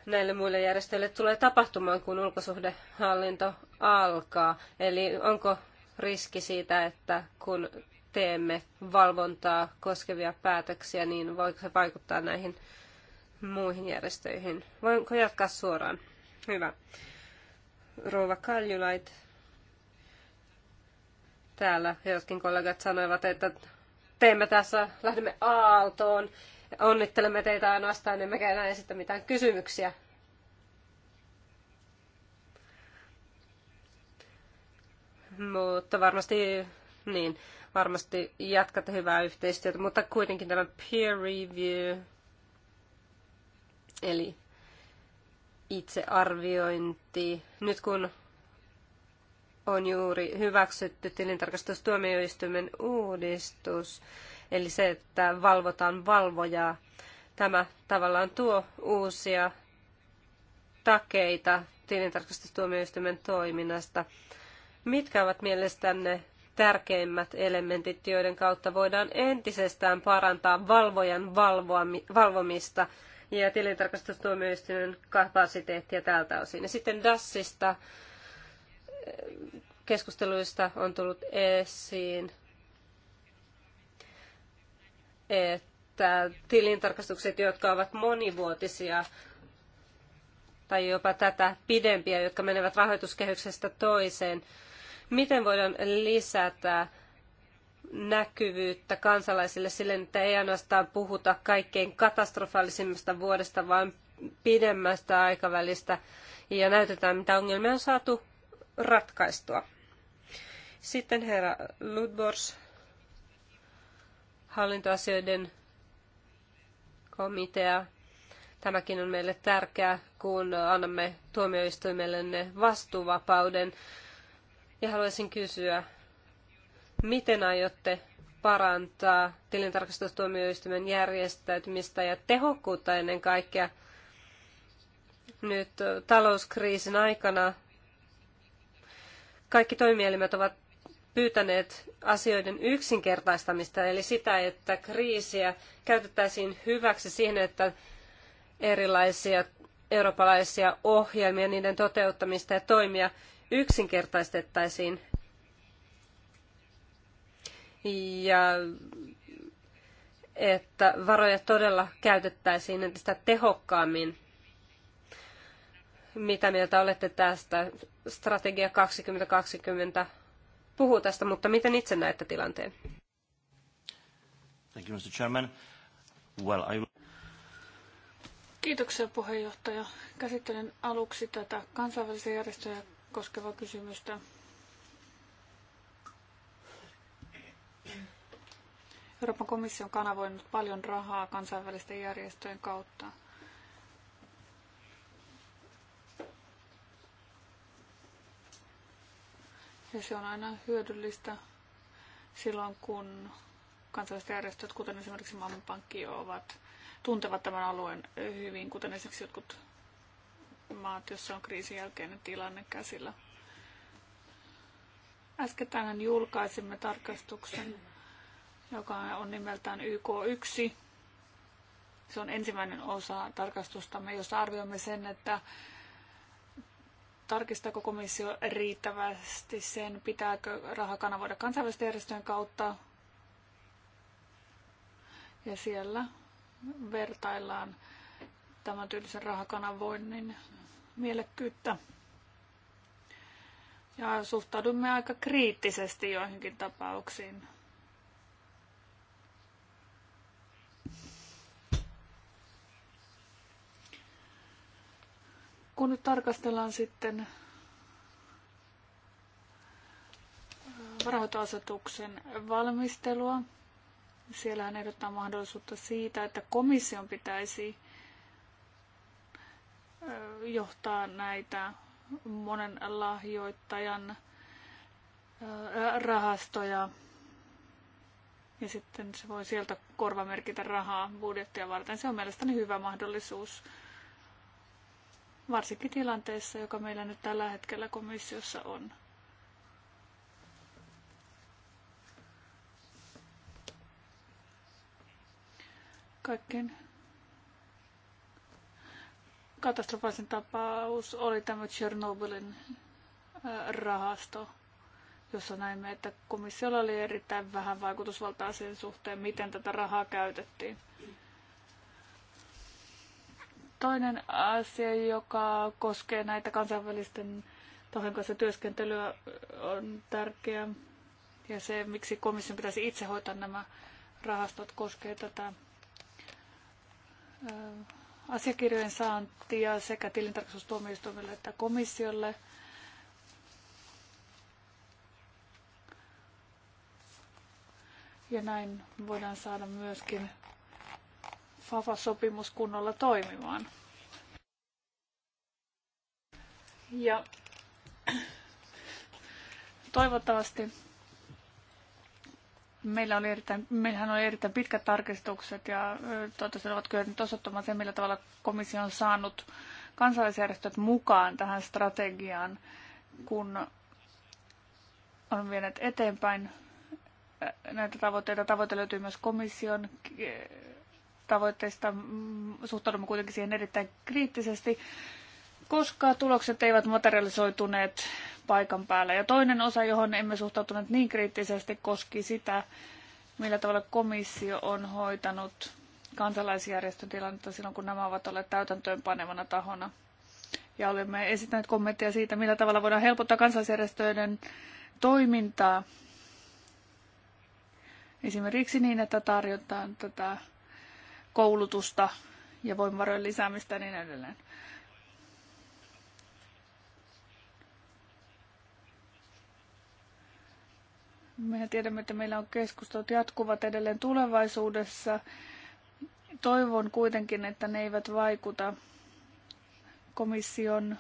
näille muille järjestöille tulee tapahtumaan, kun ulkosuhdehallinto alkaa. Eli onko riski siitä, että kun teemme valvontaa koskevia päätöksiä, niin voiko se vaikuttaa näihin muihin järjestöihin? Voinko jatkaa suoraan? Hyvä. Rouva Kaljulait, täällä jotkin kollegat sanoivat, että teemme tässä, lähdemme aaltoon, onnittelemme teitä ainoastaan, emmekä enää esitä mitään kysymyksiä. mutta varmasti niin, varmasti jatkatte hyvää yhteistyötä, mutta kuitenkin tämä peer review, eli itsearviointi. Nyt kun on juuri hyväksytty tilintarkastustuomioistuimen uudistus, eli se, että valvotaan valvojaa, tämä tavallaan tuo uusia takeita tilintarkastustuomioistuimen toiminnasta. Mitkä ovat mielestänne tärkeimmät elementit, joiden kautta voidaan entisestään parantaa valvojan valvomista ja tilintarkastustuomioistuimen kapasiteettia tältä osin. Ja sitten DASista eh, keskusteluista on tullut esiin, että tilintarkastukset, jotka ovat monivuotisia tai jopa tätä pidempiä, jotka menevät rahoituskehyksestä toiseen, miten voidaan lisätä näkyvyyttä kansalaisille silleen, että ei ainoastaan puhuta kaikkein katastrofaalisimmasta vuodesta, vaan pidemmästä aikavälistä ja näytetään, mitä ongelmia on saatu ratkaistua. Sitten herra Ludbors, hallintoasioiden komitea. Tämäkin on meille tärkeää, kun annamme tuomioistuimelle vastuuvapauden ja haluaisin kysyä, miten aiotte parantaa tilintarkastustuomioistuimen järjestäytymistä ja tehokkuutta ennen kaikkea nyt talouskriisin aikana. Kaikki toimielimet ovat pyytäneet asioiden yksinkertaistamista, eli sitä, että kriisiä käytettäisiin hyväksi siihen, että erilaisia eurooppalaisia ohjelmia, niiden toteuttamista ja toimia yksinkertaistettaisiin ja että varoja todella käytettäisiin entistä tehokkaammin. Mitä mieltä olette tästä? Strategia 2020 puhuu tästä, mutta miten itse näette tilanteen? Thank you, Mr. Chairman. Well, I... Kiitoksia puheenjohtaja. Käsittelen aluksi tätä kansainvälisen järjestöjen Koskeva kysymystä. Euroopan komissio on kanavoinut paljon rahaa kansainvälisten järjestöjen kautta. Ja se on aina hyödyllistä silloin, kun kansalliset järjestöt, kuten esimerkiksi Maailmanpankki, ovat, tuntevat tämän alueen hyvin, kuten esimerkiksi jotkut maat, jossa on kriisin jälkeinen tilanne käsillä. Äskettäin julkaisimme tarkastuksen, joka on nimeltään YK1. Se on ensimmäinen osa tarkastustamme, jossa arvioimme sen, että tarkistaako komissio riittävästi sen, pitääkö rahakana voida kansainvälisten järjestöjen kautta. Ja siellä vertaillaan tämän tyylisen rahakanavoinnin mielekkyyttä. Ja suhtaudumme aika kriittisesti joihinkin tapauksiin. Kun nyt tarkastellaan sitten äh, varahoitoasetuksen valmistelua, siellä ehdottaa mahdollisuutta siitä, että komission pitäisi johtaa näitä monen lahjoittajan rahastoja. Ja sitten se voi sieltä korvamerkitä rahaa budjettia varten. Se on mielestäni hyvä mahdollisuus, varsinkin tilanteessa, joka meillä nyt tällä hetkellä komissiossa on. Kaikkein katastrofaalisin tapaus oli tämä Chernobylin rahasto, jossa näimme, että komissiolla oli erittäin vähän vaikutusvaltaa sen suhteen, miten tätä rahaa käytettiin. Toinen asia, joka koskee näitä kansainvälisten tahojen kanssa työskentelyä, on tärkeä. Ja se, miksi komission pitäisi itse hoitaa nämä rahastot, koskee tätä asiakirjojen saantia sekä tilintarkastustuomioistuimelle että komissiolle. Ja näin voidaan saada myöskin FAFA-sopimus kunnolla toimimaan. Ja toivottavasti Meillä oli erittäin, meillähän oli erittäin pitkät tarkistukset ja toivottavasti ovat kyllä nyt osoittamaan sen, millä tavalla komissio on saanut kansalaisjärjestöt mukaan tähän strategiaan, kun on vienet eteenpäin näitä tavoitteita. Tavoite löytyy myös komission tavoitteista. Mm, suhtaudumme kuitenkin siihen erittäin kriittisesti koska tulokset eivät materialisoituneet paikan päällä. Ja toinen osa, johon emme suhtautuneet niin kriittisesti, koski sitä, millä tavalla komissio on hoitanut kansalaisjärjestön tilannetta silloin, kun nämä ovat olleet täytäntöönpanevana tahona. Ja olemme esittäneet kommentteja siitä, millä tavalla voidaan helpottaa kansalaisjärjestöiden toimintaa. Esimerkiksi niin, että tarjotaan tätä koulutusta ja voimavarojen lisäämistä ja niin edelleen. Mehän tiedämme, että meillä on keskustelut jatkuvat edelleen tulevaisuudessa. Toivon kuitenkin, että ne eivät vaikuta komission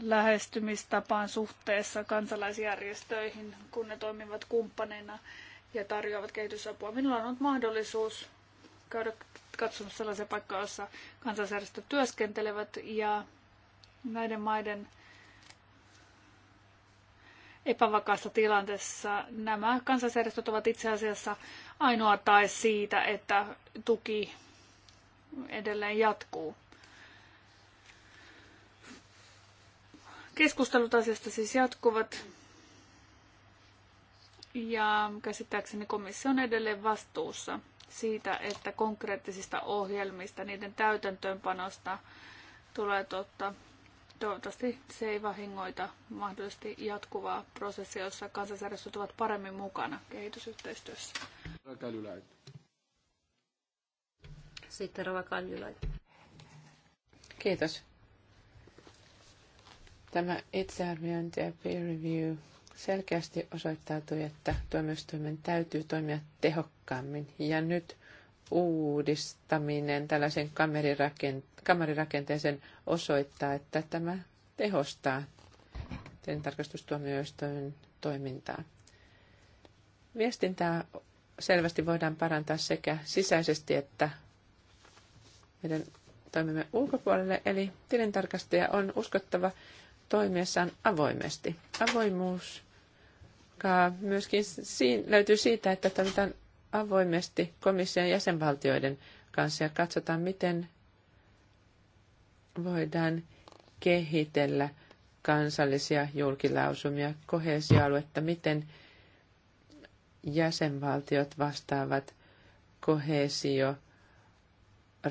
lähestymistapaan suhteessa kansalaisjärjestöihin, kun ne toimivat kumppaneina ja tarjoavat kehitysapua. Minulla on ollut mahdollisuus käydä katsomassa sellaisia paikkoja, joissa kansalaisjärjestöt työskentelevät ja näiden maiden epävakaassa tilanteessa nämä kansalaisjärjestöt ovat itse asiassa ainoa tae siitä, että tuki edelleen jatkuu. Keskustelut asiasta siis jatkuvat. Ja käsittääkseni komissio on edelleen vastuussa siitä, että konkreettisista ohjelmista, niiden täytäntöönpanosta tulee totta Toivottavasti se ei vahingoita mahdollisesti jatkuvaa prosessia, jossa kansallisjärjestöt ovat paremmin mukana kehitysyhteistyössä. Sitten Rova Kaljulait. Kiitos. Tämä itsearviointi ja peer review selkeästi osoittautui, että tuomioistuimen täytyy toimia tehokkaammin. Ja nyt uudistaminen tällaisen kamerirakenteen kamarirakenteeseen osoittaa, että tämä tehostaa tarkastustuomioistuimen toimintaa. Viestintää selvästi voidaan parantaa sekä sisäisesti että meidän toimimme ulkopuolelle, eli tilintarkastaja on uskottava toimiessaan avoimesti. Avoimuus myöskin löytyy siitä, että toimitaan avoimesti komission jäsenvaltioiden kanssa ja katsotaan, miten voidaan kehitellä kansallisia julkilausumia, kohesialuetta, miten jäsenvaltiot vastaavat kohesio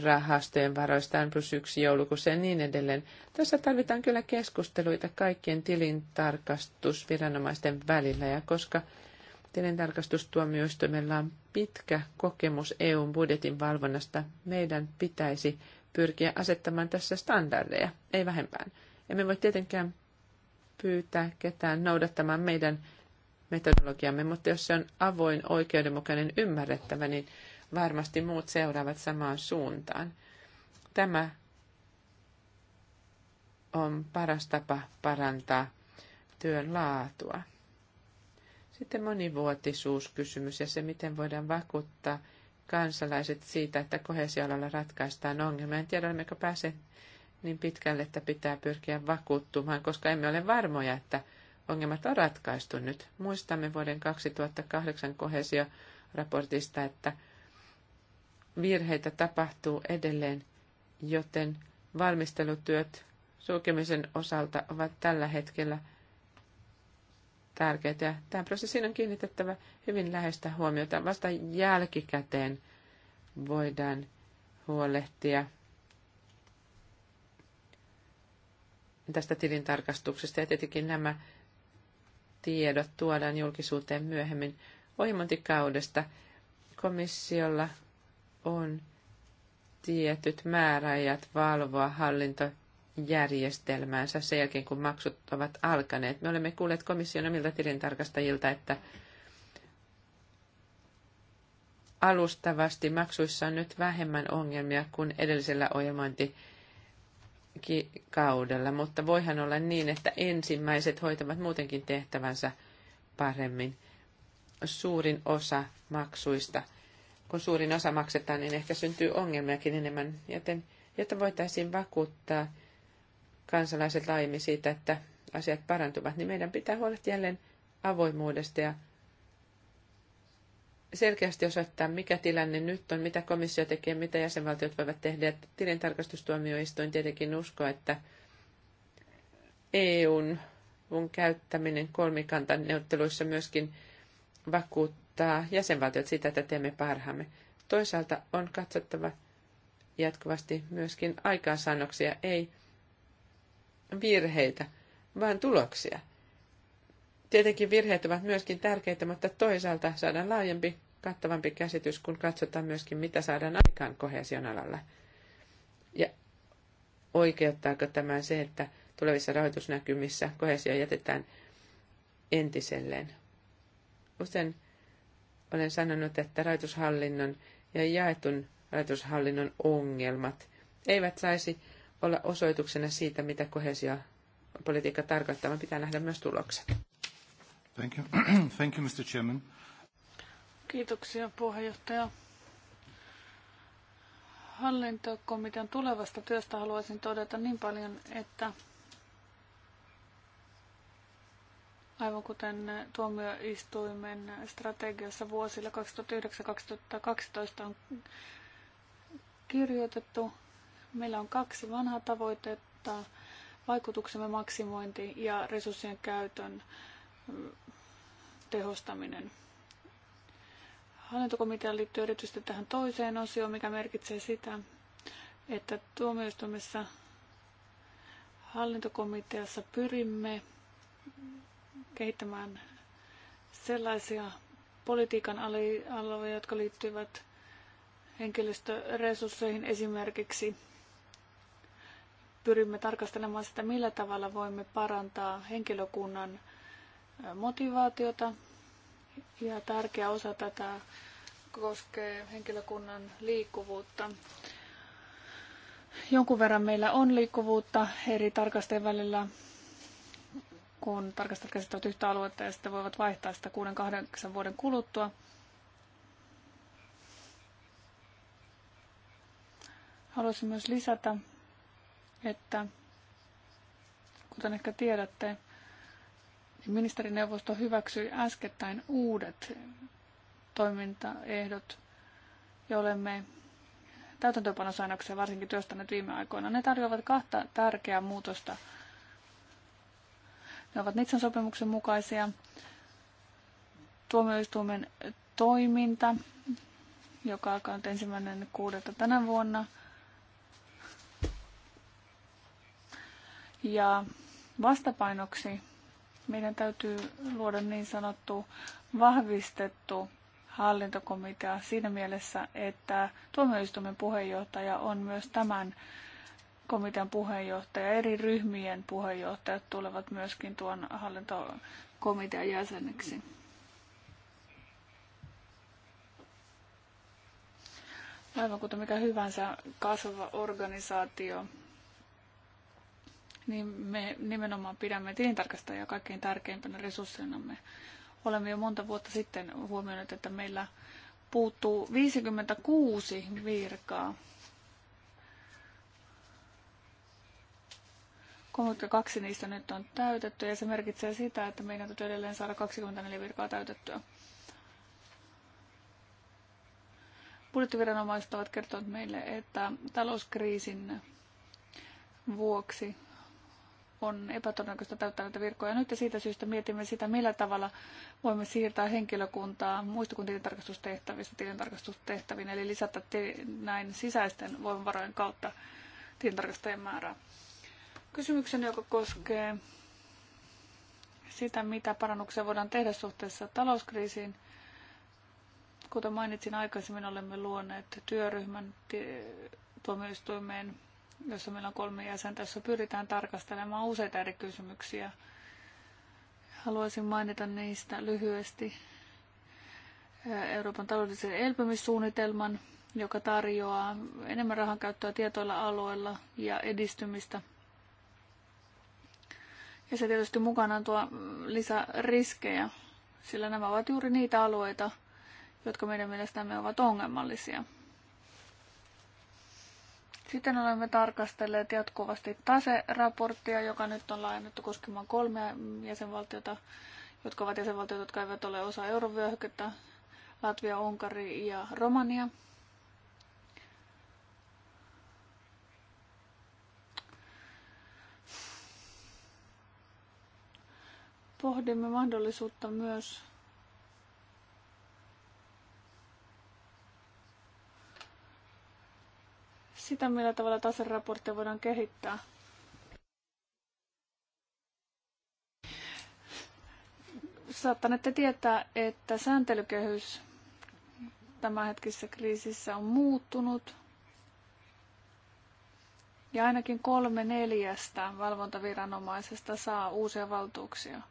rahastojen varoistaan plus yksi joulukuussa ja niin edelleen. Tässä tarvitaan kyllä keskusteluita kaikkien tilintarkastusviranomaisten välillä ja koska tilintarkastustuomioistuimella on pitkä kokemus EUn budjetin valvonnasta, meidän pitäisi pyrkiä asettamaan tässä standardeja, ei vähempään. Emme voi tietenkään pyytää ketään noudattamaan meidän metodologiamme, mutta jos se on avoin, oikeudenmukainen, ymmärrettävä, niin varmasti muut seuraavat samaan suuntaan. Tämä on paras tapa parantaa työn laatua. Sitten monivuotisuuskysymys ja se, miten voidaan vakuuttaa kansalaiset siitä, että kohesialalla ratkaistaan ongelmia, En tiedä, olemmeko pääse niin pitkälle, että pitää pyrkiä vakuuttumaan, koska emme ole varmoja, että ongelmat on ratkaistu nyt. Muistamme vuoden 2008 kohesioraportista, että virheitä tapahtuu edelleen, joten valmistelutyöt sulkemisen osalta ovat tällä hetkellä – tärkeitä. tämä tähän prosessiin on kiinnitettävä hyvin läheistä huomiota. Vasta jälkikäteen voidaan huolehtia tästä tilintarkastuksesta. Ja tietenkin nämä tiedot tuodaan julkisuuteen myöhemmin ohimontikaudesta. Komissiolla on tietyt määräajat valvoa hallinto- järjestelmäänsä sen jälkeen, kun maksut ovat alkaneet. Me olemme kuulleet komission omilta tilintarkastajilta, että alustavasti maksuissa on nyt vähemmän ongelmia kuin edellisellä kaudella, mutta voihan olla niin, että ensimmäiset hoitavat muutenkin tehtävänsä paremmin. Suurin osa maksuista, kun suurin osa maksetaan, niin ehkä syntyy ongelmiakin enemmän, joten jotta voitaisiin vakuuttaa kansalaiset laajemmin siitä, että asiat parantuvat, niin meidän pitää huolehtia jälleen avoimuudesta ja selkeästi osoittaa, mikä tilanne nyt on, mitä komissio tekee, mitä jäsenvaltiot voivat tehdä. tilintarkastustuomioistuin tietenkin uskoo, että EUn käyttäminen neuvotteluissa myöskin vakuuttaa jäsenvaltiot sitä, että teemme parhaamme. Toisaalta on katsottava jatkuvasti myöskin aikaansaannoksia, ei virheitä, vaan tuloksia. Tietenkin virheet ovat myöskin tärkeitä, mutta toisaalta saadaan laajempi, kattavampi käsitys, kun katsotaan myöskin, mitä saadaan aikaan kohesion alalla. Ja oikeuttaako tämä se, että tulevissa rahoitusnäkymissä kohesio jätetään entiselleen. Usein olen sanonut, että rahoitushallinnon ja jaetun rahoitushallinnon ongelmat eivät saisi olla osoituksena siitä, mitä kohesiopolitiikka tarkoittaa, vaan pitää nähdä myös tulokset. Thank you. Thank you, Mr. Chairman. Kiitoksia puheenjohtaja. Hallintokomitean tulevasta työstä haluaisin todeta niin paljon, että aivan kuten tuomioistuimen strategiassa vuosille 2009-2012 on kirjoitettu, Meillä on kaksi vanhaa tavoitetta, vaikutuksemme maksimointi ja resurssien käytön mm, tehostaminen. Hallintokomitea liittyy erityisesti tähän toiseen osioon, mikä merkitsee sitä, että tuomioistuimessa hallintokomiteassa pyrimme kehittämään sellaisia politiikan aloja, jotka liittyvät henkilöstöresursseihin esimerkiksi pyrimme tarkastelemaan sitä, millä tavalla voimme parantaa henkilökunnan motivaatiota. Ja tärkeä osa tätä koskee henkilökunnan liikkuvuutta. Jonkun verran meillä on liikkuvuutta eri tarkastajien välillä, kun tarkastajat käsittävät yhtä aluetta ja sitten voivat vaihtaa sitä 6-8 vuoden kuluttua. Haluaisin myös lisätä että kuten ehkä tiedätte, ministerineuvosto hyväksyi äskettäin uudet toimintaehdot, ja olemme täytäntöönpanosäännöksiä varsinkin työstäneet viime aikoina. Ne tarjoavat kahta tärkeää muutosta. Ne ovat Nitsan sopimuksen mukaisia. Tuomioistuimen toiminta, joka alkaa nyt ensimmäinen kuudetta tänä vuonna – Ja vastapainoksi meidän täytyy luoda niin sanottu vahvistettu hallintokomitea siinä mielessä, että tuomioistuimen puheenjohtaja on myös tämän komitean puheenjohtaja. Eri ryhmien puheenjohtajat tulevat myöskin tuon hallintokomitean jäseneksi. Aivan kuten mikä hyvänsä kasvava organisaatio niin me nimenomaan pidämme tilintarkastajia kaikkein tärkeimpänä resurssinamme. Olemme jo monta vuotta sitten huomioineet, että meillä puuttuu 56 virkaa. 32 niistä nyt on täytetty ja se merkitsee sitä, että meidän täytyy edelleen saada 24 virkaa täytettyä. Budjettiviranomaiset ovat kertoneet meille, että talouskriisin vuoksi on epätodennäköistä täyttää näitä virkoja nyt ja siitä syystä mietimme sitä, millä tavalla voimme siirtää henkilökuntaa muista kuin tilintarkastustehtävistä tilintarkastustehtäviin, eli lisätä näin sisäisten voimavarojen kautta tilintarkastajien määrää. Kysymyksen, joka koskee sitä, mitä parannuksia voidaan tehdä suhteessa talouskriisiin. Kuten mainitsin aikaisemmin, olemme luoneet työryhmän tuomioistuimeen jossa meillä on kolme jäsentä, jossa pyritään tarkastelemaan useita eri kysymyksiä. Haluaisin mainita niistä lyhyesti Euroopan taloudellisen elpymissuunnitelman, joka tarjoaa enemmän rahan käyttöä tietoilla alueilla ja edistymistä. Ja se tietysti mukanaan tuo lisäriskejä, sillä nämä ovat juuri niitä alueita, jotka meidän mielestämme ovat ongelmallisia – sitten olemme tarkastelleet jatkuvasti taseraporttia, joka nyt on laajennettu koskemaan kolmea jäsenvaltiota, jotka ovat jäsenvaltiot, jotka eivät ole osa eurovyöhykettä, Latvia, Unkari ja Romania. Pohdimme mahdollisuutta myös sitä, millä tavalla taseraporttia voidaan kehittää. Saattanette tietää, että sääntelykehys tämänhetkisessä kriisissä on muuttunut. Ja ainakin kolme neljästä valvontaviranomaisesta saa uusia valtuuksia.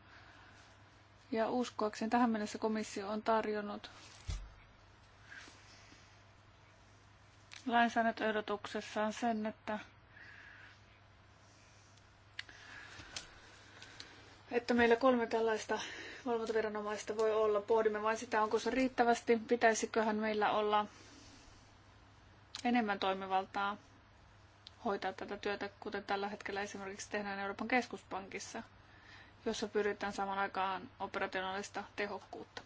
Ja uskoakseni tähän mennessä komissio on tarjonnut lainsäädäntöehdotuksessaan sen, että että meillä kolme tällaista valvontaviranomaista voi olla. Pohdimme vain sitä, onko se riittävästi, pitäisiköhän meillä olla enemmän toimivaltaa hoitaa tätä työtä, kuten tällä hetkellä esimerkiksi tehdään Euroopan keskuspankissa, jossa pyritään saman aikaan operationaalista tehokkuutta.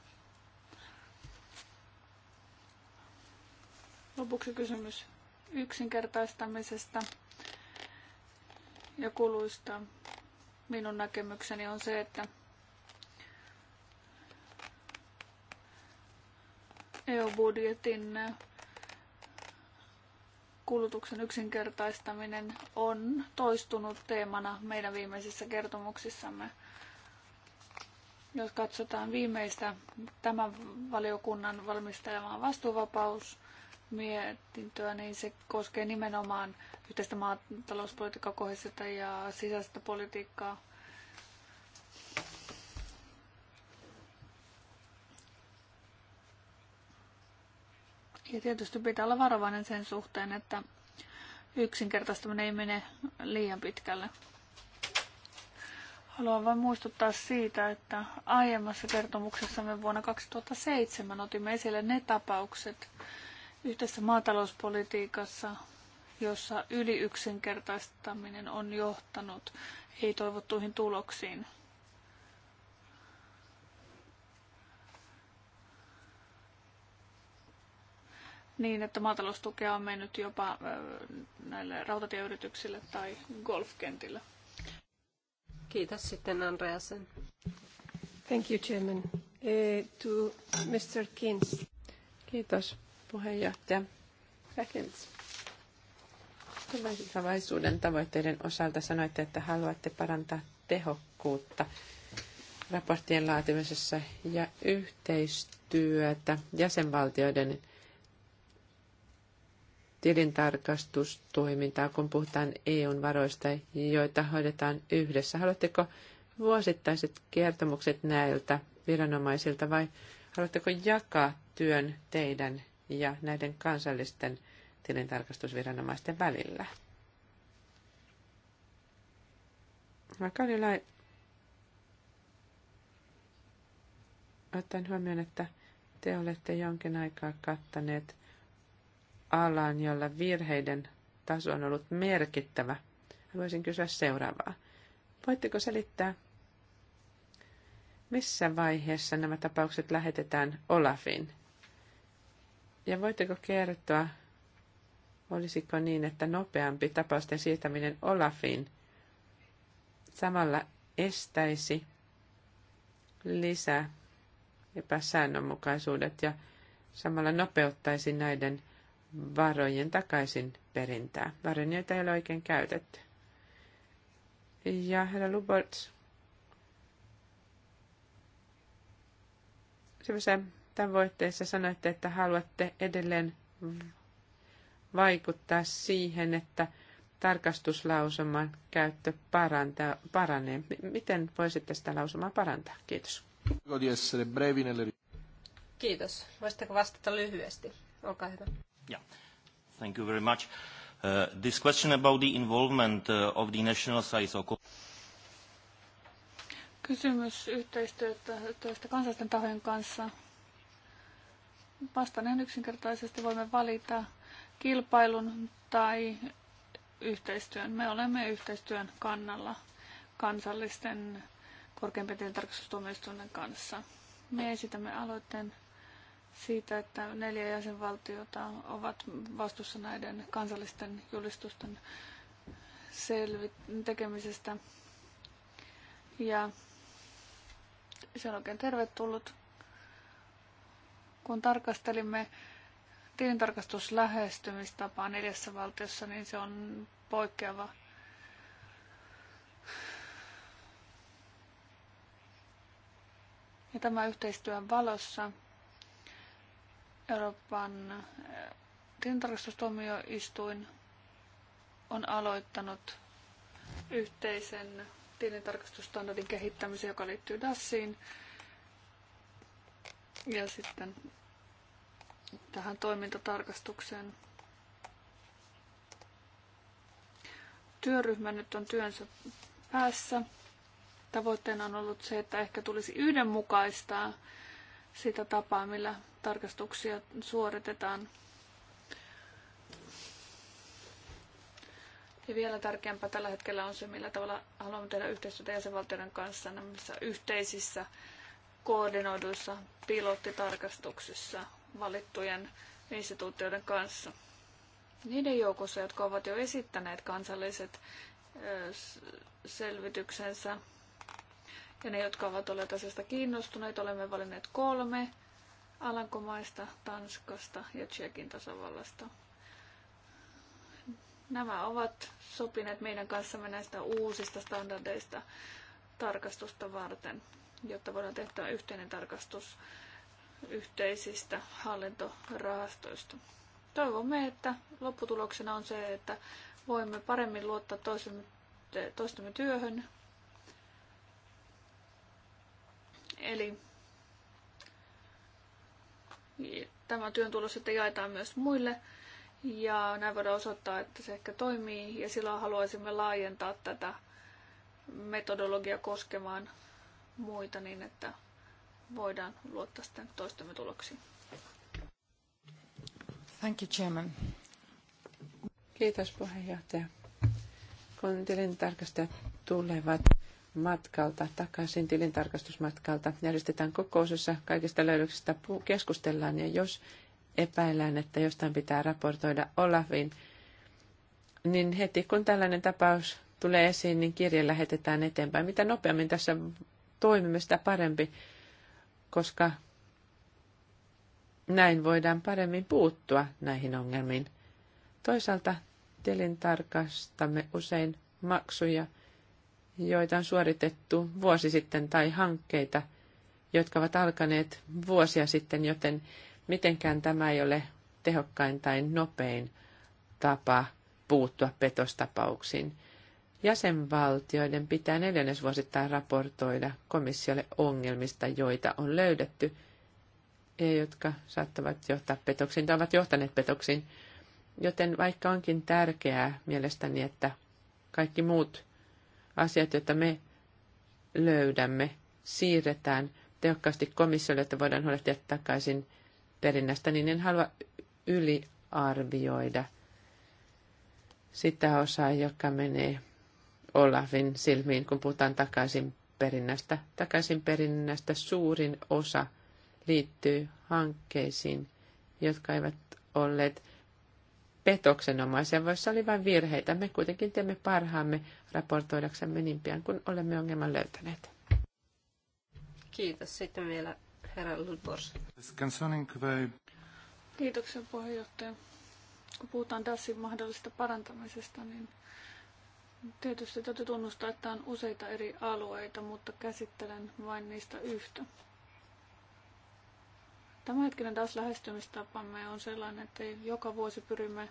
Lopuksi kysymys yksinkertaistamisesta ja kuluista. Minun näkemykseni on se, että EU-budjetin kulutuksen yksinkertaistaminen on toistunut teemana meidän viimeisissä kertomuksissamme. Jos katsotaan viimeistä tämän valiokunnan valmistelemaa vastuuvapaus mietintöä, niin se koskee nimenomaan yhteistä maatalouspolitiikkaa, kohdista ja sisäistä politiikkaa. Ja tietysti pitää olla varovainen sen suhteen, että yksinkertaistaminen ei mene liian pitkälle. Haluan vain muistuttaa siitä, että aiemmassa kertomuksessamme vuonna 2007 otimme esille ne tapaukset, yhdessä maatalouspolitiikassa, jossa yliyksinkertaistaminen on johtanut ei-toivottuihin tuloksiin. Niin, että maataloustukea on mennyt jopa näille rautatieyrityksille tai golfkentille. Kiitos sitten Andreasen. Thank you, Chairman. Uh, to Mr. Kins. Kiitos puheenjohtaja Rakens. Tulevaisuuden tavoitteiden osalta sanoitte, että haluatte parantaa tehokkuutta raporttien laatimisessa ja yhteistyötä jäsenvaltioiden tilintarkastustoimintaa, kun puhutaan EUn varoista, joita hoidetaan yhdessä. Haluatteko vuosittaiset kertomukset näiltä viranomaisilta vai haluatteko jakaa työn teidän ja näiden kansallisten tilintarkastusviranomaisten välillä. Vaikka lai... Ottaen huomioon, että te olette jonkin aikaa kattaneet alan, jolla virheiden taso on ollut merkittävä. Voisin kysyä seuraavaa. Voitteko selittää, missä vaiheessa nämä tapaukset lähetetään Olafin? Ja voitteko kertoa, olisiko niin, että nopeampi tapausten siirtäminen Olafin samalla estäisi lisää epäsäännönmukaisuudet ja samalla nopeuttaisi näiden varojen takaisin perintää. Varoja, joita ei ole oikein käytetty. Ja herra Lubots, se tavoitteessa sanoitte, että haluatte edelleen vaikuttaa siihen, että tarkastuslausuman käyttö parantaa, paranee. Miten voisitte sitä lausumaa parantaa? Kiitos. Kiitos. Voisitteko vastata lyhyesti? Olkaa hyvä. Yeah. Thank you very much. Uh, this question about the involvement uh, of the national size or. Kysymys yhteistyöstä kansallisten tahojen kanssa Vastaan yksinkertaisesti voimme valita kilpailun tai yhteistyön. Me olemme yhteistyön kannalla kansallisten korkeimpien tilintarkastustuomioistuimen kanssa. Me esitämme aloitteen siitä, että neljä jäsenvaltiota ovat vastuussa näiden kansallisten julistusten selvi- tekemisestä. Ja se on oikein tervetullut kun tarkastelimme tilintarkastuslähestymistapaa neljässä valtiossa, niin se on poikkeava. Ja tämä yhteistyön valossa Euroopan eh, tilintarkastustuomioistuin on aloittanut yhteisen tilintarkastustandardin kehittämisen, joka liittyy DASiin. Ja sitten tähän toimintatarkastukseen. Työryhmä nyt on työnsä päässä. Tavoitteena on ollut se, että ehkä tulisi yhdenmukaistaa sitä tapaa, millä tarkastuksia suoritetaan. Ja vielä tärkeämpää tällä hetkellä on se, millä tavalla haluamme tehdä yhteistyötä jäsenvaltioiden kanssa näissä yhteisissä koordinoiduissa pilottitarkastuksissa valittujen instituutioiden kanssa. Niiden joukossa, jotka ovat jo esittäneet kansalliset selvityksensä ja ne, jotka ovat olleet asiasta kiinnostuneet, olemme valinneet kolme Alankomaista, Tanskasta ja Tsekin tasavallasta. Nämä ovat sopineet meidän kanssamme näistä uusista standardeista tarkastusta varten jotta voidaan tehdä yhteinen tarkastus yhteisistä hallintorahastoista. Toivomme, että lopputuloksena on se, että voimme paremmin luottaa toisemme, toistemme työhön. Eli tämä työn tulos sitten jaetaan myös muille ja näin voidaan osoittaa, että se ehkä toimii ja silloin haluaisimme laajentaa tätä metodologia koskemaan muita niin, että voidaan luottaa sitten toistemme tuloksiin. Thank you, Chairman. Kiitos puheenjohtaja. Kun tilintarkastajat tulevat matkalta, takaisin tilintarkastusmatkalta, järjestetään kokous, jossa kaikista löydöksistä keskustellaan ja jos epäillään, että jostain pitää raportoida Olafin, niin heti kun tällainen tapaus tulee esiin, niin kirje lähetetään eteenpäin. Mitä nopeammin tässä toimimme, sitä parempi, koska näin voidaan paremmin puuttua näihin ongelmiin. Toisaalta tilintarkastamme usein maksuja, joita on suoritettu vuosi sitten tai hankkeita, jotka ovat alkaneet vuosia sitten, joten mitenkään tämä ei ole tehokkain tai nopein tapa puuttua petostapauksiin. Jäsenvaltioiden pitää neljännesvuosittain raportoida komissiolle ongelmista, joita on löydetty ja jotka saattavat johtaa petoksiin tai ovat johtaneet petoksiin. Joten vaikka onkin tärkeää mielestäni, että kaikki muut asiat, joita me löydämme, siirretään tehokkaasti komissiolle, että voidaan huolehtia takaisin perinnästä, niin en halua yliarvioida sitä osaa, joka menee Olafin silmiin, kun puhutaan takaisin perinnästä. Takaisin perinnästä suurin osa liittyy hankkeisiin, jotka eivät olleet petoksenomaisia, se oli vain virheitä. Me kuitenkin teemme parhaamme raportoidaksemme niin pian, kun olemme ongelman löytäneet. Kiitos. Sitten vielä herra Ludbors. Kiitoksen puheenjohtaja. Kun puhutaan tässä mahdollisesta parantamisesta, niin Tietysti täytyy tunnustaa, että on useita eri alueita, mutta käsittelen vain niistä yhtä. Tämänhetkinen taas lähestymistapamme on sellainen, että joka vuosi pyrimme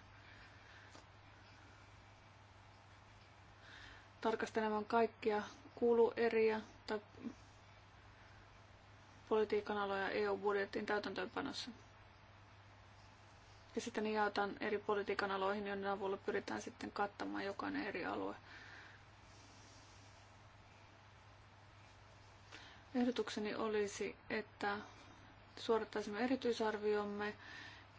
tarkastelemaan kaikkia kulueriä tai politiikan aloja EU-budjetin täytäntöönpanossa. Ja sitten ne jaotaan eri politiikan aloihin, joiden avulla pyritään sitten kattamaan jokainen eri alue. Ehdotukseni olisi, että suorittaisimme erityisarviomme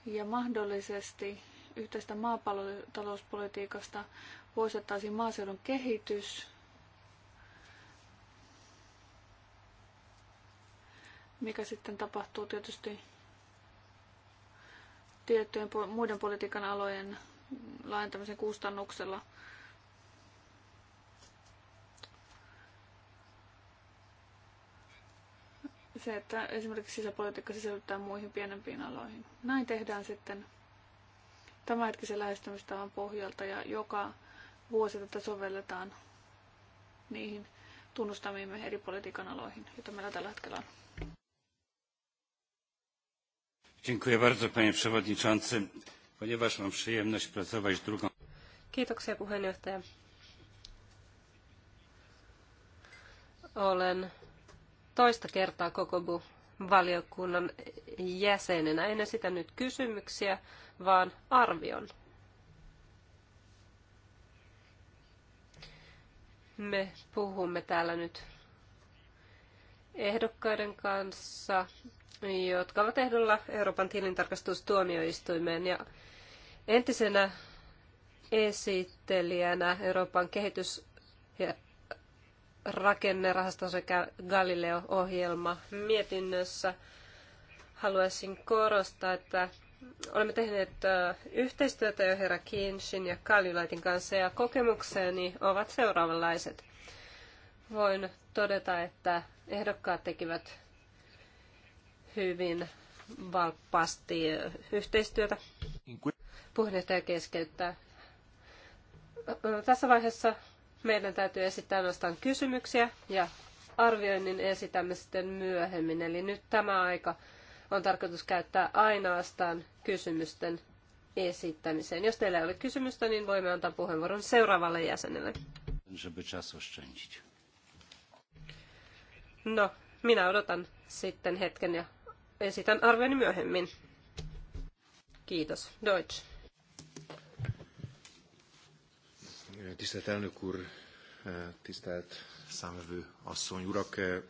ja mahdollisesti yhteistä maapallotalouspolitiikasta poistettaisiin maaseudun kehitys, mikä sitten tapahtuu tietysti tiettyjen muiden politiikan alojen laajentamisen kustannuksella. Se, että esimerkiksi sisäpolitiikka sisällyttää muihin pienempiin aloihin. Näin tehdään sitten tämänhetkisen lähestymistavan pohjalta ja joka vuosi tätä sovelletaan niihin tunnustamiimme eri politiikan aloihin, joita meillä tällä hetkellä on panie przewodniczący. Ponieważ mam przyjemność pracować drugą... Kiitoksia puheenjohtaja. Olen toista kertaa koko valiokunnan jäsenenä. En esitä nyt kysymyksiä, vaan arvion. Me puhumme täällä nyt ehdokkaiden kanssa jotka ovat ehdolla Euroopan tilintarkastustuomioistuimeen. Ja entisenä esittelijänä Euroopan kehitys- ja rakennerahasto sekä Galileo-ohjelma mietinnössä haluaisin korostaa, että olemme tehneet yhteistyötä jo herra Kinshin ja Kaljulaitin kanssa ja kokemukseni ovat seuraavanlaiset. Voin todeta, että ehdokkaat tekivät hyvin valppaasti yhteistyötä. Puheenjohtaja keskeyttää. Tässä vaiheessa meidän täytyy esittää ainoastaan kysymyksiä ja arvioinnin esitämme sitten myöhemmin. Eli nyt tämä aika on tarkoitus käyttää ainoastaan kysymysten esittämiseen. Jos teillä ei ole kysymystä, niin voimme antaa puheenvuoron seuraavalle jäsenelle. No, minä odotan sitten hetken ja esitän arvioni myöhemmin. Kiitos. Deutsch. Tisztelt elnök úr, tisztelt számövő asszony, urak. Eh,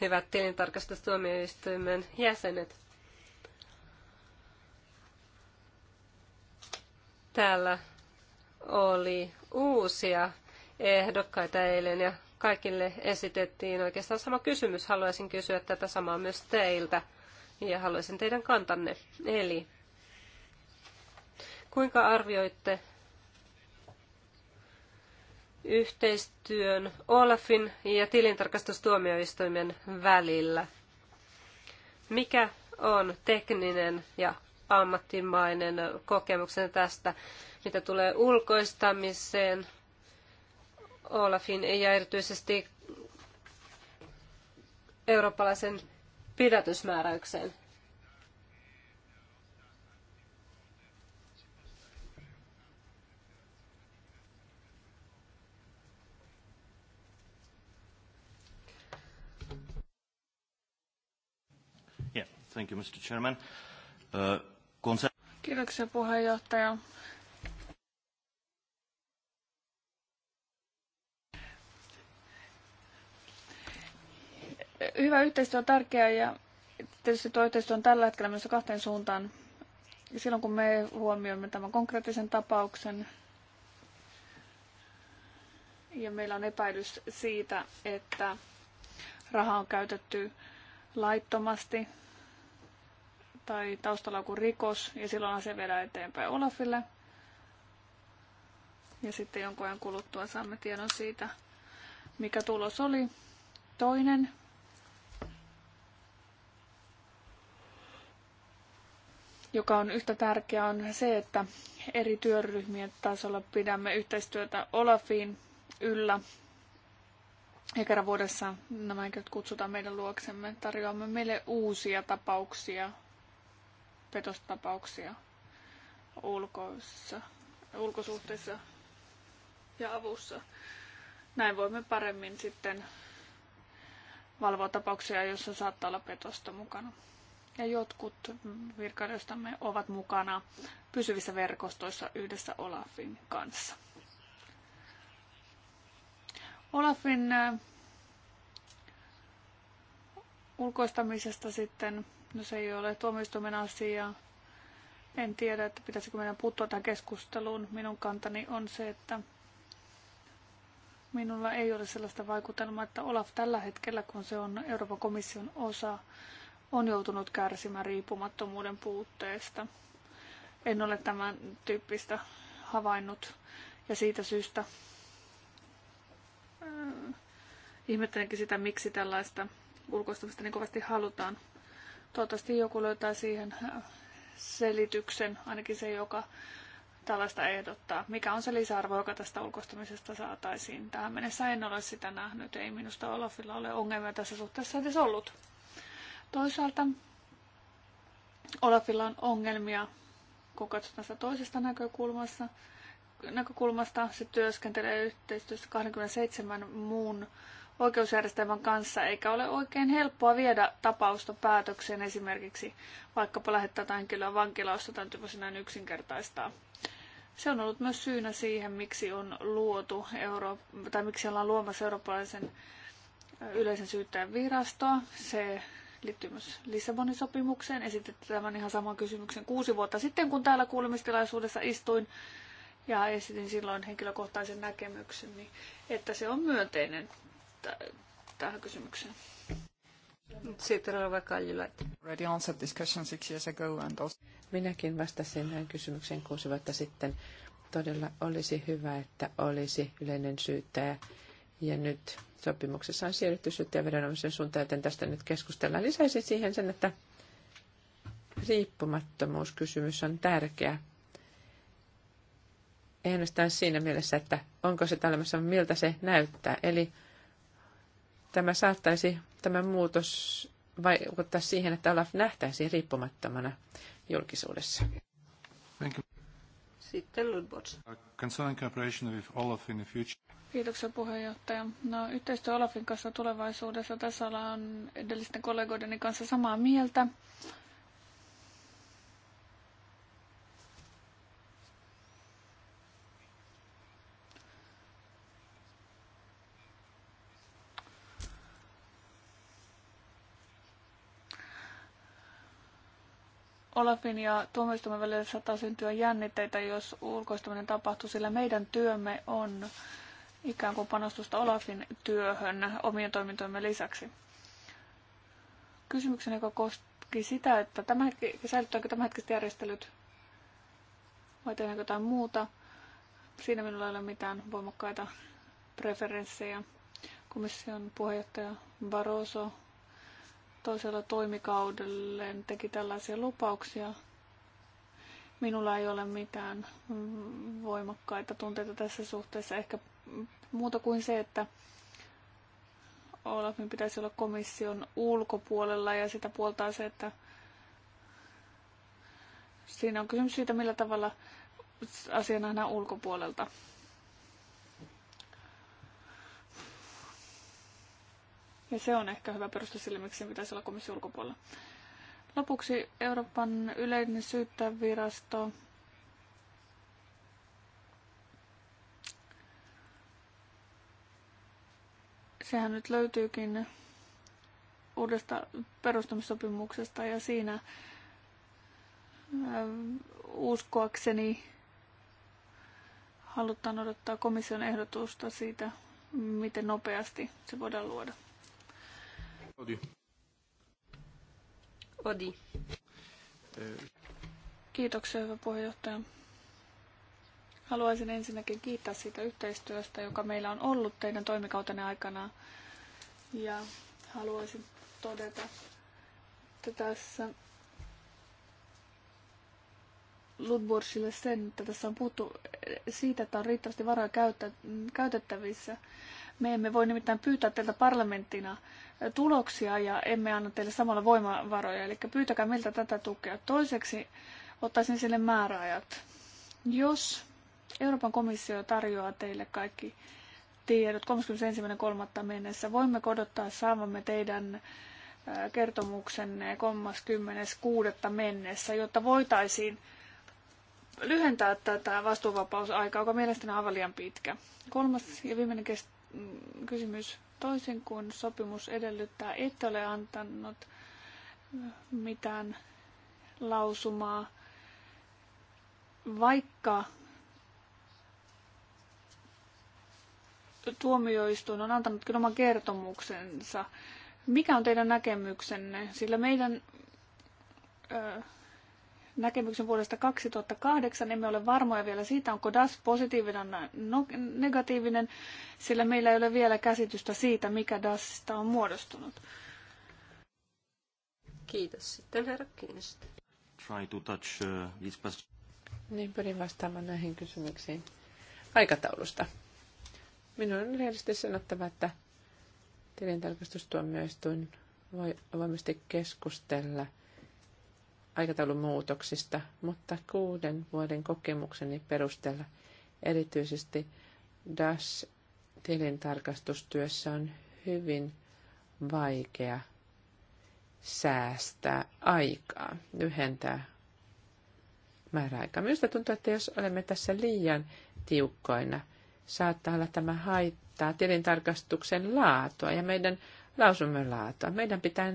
Hyvät tilintarkastustuomioistuimen jäsenet. Täällä oli uusia ehdokkaita eilen ja kaikille esitettiin oikeastaan sama kysymys. Haluaisin kysyä tätä samaa myös teiltä ja haluaisin teidän kantanne. Eli kuinka arvioitte yhteistyön Olafin ja tilintarkastustuomioistuimen välillä? Mikä on tekninen ja ammattimainen kokemuksen tästä, mitä tulee ulkoistamiseen, Olafin ja erityisesti eurooppalaisen pidätysmääräykseen. Yeah, Thank you, Mr. Chairman. Uh, Kiitoksia puheenjohtaja. Hyvä yhteistyö on tärkeää ja tietysti tuo yhteistyö on tällä hetkellä myös kahteen suuntaan. Silloin kun me huomioimme tämän konkreettisen tapauksen ja meillä on epäilys siitä, että rahaa on käytetty laittomasti tai taustalla joku rikos ja silloin asia viedään eteenpäin Olafille. Ja sitten jonkun ajan kuluttua saamme tiedon siitä, mikä tulos oli. Toinen joka on yhtä tärkeä, on se, että eri työryhmien tasolla pidämme yhteistyötä Olafiin yllä. Ja kerran vuodessa nämä henkilöt kutsutaan meidän luoksemme, tarjoamme meille uusia tapauksia, petostapauksia ulkoissa, ulkosuhteissa ja avussa. Näin voimme paremmin sitten valvoa tapauksia, joissa saattaa olla petosta mukana ja jotkut virkailijoistamme ovat mukana pysyvissä verkostoissa yhdessä Olafin kanssa. Olafin äh, ulkoistamisesta sitten, no se ei ole tuomioistuimen asia. En tiedä, että pitäisikö meidän puuttua tähän keskusteluun. Minun kantani on se, että minulla ei ole sellaista vaikutelmaa, että Olaf tällä hetkellä, kun se on Euroopan komission osa, on joutunut kärsimään riippumattomuuden puutteesta. En ole tämän tyyppistä havainnut ja siitä syystä äh, ihmettelenkin sitä, miksi tällaista ulkoistamista niin kovasti halutaan. Toivottavasti joku löytää siihen äh, selityksen, ainakin se, joka tällaista ehdottaa. Mikä on se lisäarvo, joka tästä ulkoistamisesta saataisiin? Tähän mennessä en ole sitä nähnyt. Ei minusta Olafilla ole ongelmia tässä suhteessa edes ollut. Toisaalta Olafilla on ongelmia, kun katsotaan sitä toisesta näkökulmasta. näkökulmasta. Se työskentelee yhteistyössä 27 muun oikeusjärjestelmän kanssa, eikä ole oikein helppoa viedä tapausta päätökseen esimerkiksi vaikkapa lähettää tämän henkilöä vankilausta tai näin yksinkertaistaa. Se on ollut myös syynä siihen, miksi on luotu Euro- tai miksi ollaan luomassa eurooppalaisen yleisen syyttäjän virastoa. Se liittyy myös Lissabonin sopimukseen. Esititte tämän ihan saman kysymyksen kuusi vuotta sitten, kun täällä kuulemistilaisuudessa istuin ja esitin silloin henkilökohtaisen näkemyksen, niin että se on myönteinen t- tähän kysymykseen. Sitten Minäkin vastasin näin kysymykseen kuusi vuotta sitten. Todella olisi hyvä, että olisi yleinen syyttäjä ja nyt sopimuksessa on siirrytty viranomaisen suuntaan, joten tästä nyt keskustellaan. Lisäisin siihen sen, että riippumattomuuskysymys on tärkeä. Ei ainoastaan siinä mielessä, että onko se olemassa, miltä se näyttää. Eli tämä saattaisi, tämä muutos vaikuttaa siihen, että Olaf nähtäisi riippumattomana julkisuudessa. Sitten Ludbots. Kiitoksia puheenjohtaja. No, yhteistyö Olafin kanssa tulevaisuudessa tässä ollaan edellisten kollegoideni kanssa samaa mieltä. Olafin ja tuomioistuimen välillä saattaa syntyä jännitteitä, jos ulkoistaminen tapahtuu, sillä meidän työmme on ikään kuin panostusta Olafin työhön omien toimintojemme lisäksi. Kysymyksen, joka koski sitä, että tämä, säilyttääkö tämänhetkiset järjestelyt vai tehdäänkö jotain muuta. Siinä minulla ei ole mitään voimakkaita preferenssejä. Komission puheenjohtaja Barroso toisella toimikaudelleen teki tällaisia lupauksia. Minulla ei ole mitään voimakkaita tunteita tässä suhteessa, ehkä muuta kuin se, että Olafin pitäisi olla komission ulkopuolella ja sitä puoltaa se, että siinä on kysymys siitä, millä tavalla asia nähdään ulkopuolelta. Ja se on ehkä hyvä peruste sille, miksi sen pitäisi olla komission ulkopuolella. Lopuksi Euroopan yleinen syyttävirasto Sehän nyt löytyykin uudesta perustamissopimuksesta ja siinä ähm, uskoakseni halutaan odottaa komission ehdotusta siitä, miten nopeasti se voidaan luoda. Odi. Kiitoksia, hyvä puheenjohtaja. Haluaisin ensinnäkin kiittää siitä yhteistyöstä, joka meillä on ollut teidän toimikautenne aikana. Ja haluaisin todeta, että tässä Ludborsille sen, että tässä on puhuttu siitä, että on riittävästi varoja käytettävissä me emme voi nimittäin pyytää teiltä parlamenttina tuloksia ja emme anna teille samalla voimavaroja, eli pyytäkää meiltä tätä tukea. Toiseksi ottaisin sille määräajat. Jos Euroopan komissio tarjoaa teille kaikki tiedot 31.3. mennessä, voimme odottaa saavamme teidän kertomuksenne 36. mennessä, jotta voitaisiin lyhentää tätä vastuuvapausaikaa, joka mielestäni on aivan liian pitkä. Kolmas ja viimeinen Mm, kysymys. Toisin kuin sopimus edellyttää, et ole antanut mitään lausumaa, vaikka tuomioistuin on antanutkin oman kertomuksensa. Mikä on teidän näkemyksenne? Sillä meidän ö, näkemyksen vuodesta 2008. Emme ole varmoja vielä siitä, onko DAS positiivinen vai no- negatiivinen, sillä meillä ei ole vielä käsitystä siitä, mikä DASista on muodostunut. Kiitos. Sitten herra Try to touch, uh, niin pyrin vastaamaan näihin kysymyksiin aikataulusta. Minun on rehellisesti sanottava, että tilintarkastustuomioistuin voi avoimesti keskustella – aikataulumuutoksista, mutta kuuden vuoden kokemukseni perusteella erityisesti DAS-tilintarkastustyössä on hyvin vaikea säästää aikaa, lyhentää määräaikaa. Minusta tuntuu, että jos olemme tässä liian tiukkoina, saattaa olla tämä haittaa tilintarkastuksen laatua ja meidän lausumme laatua. Meidän pitää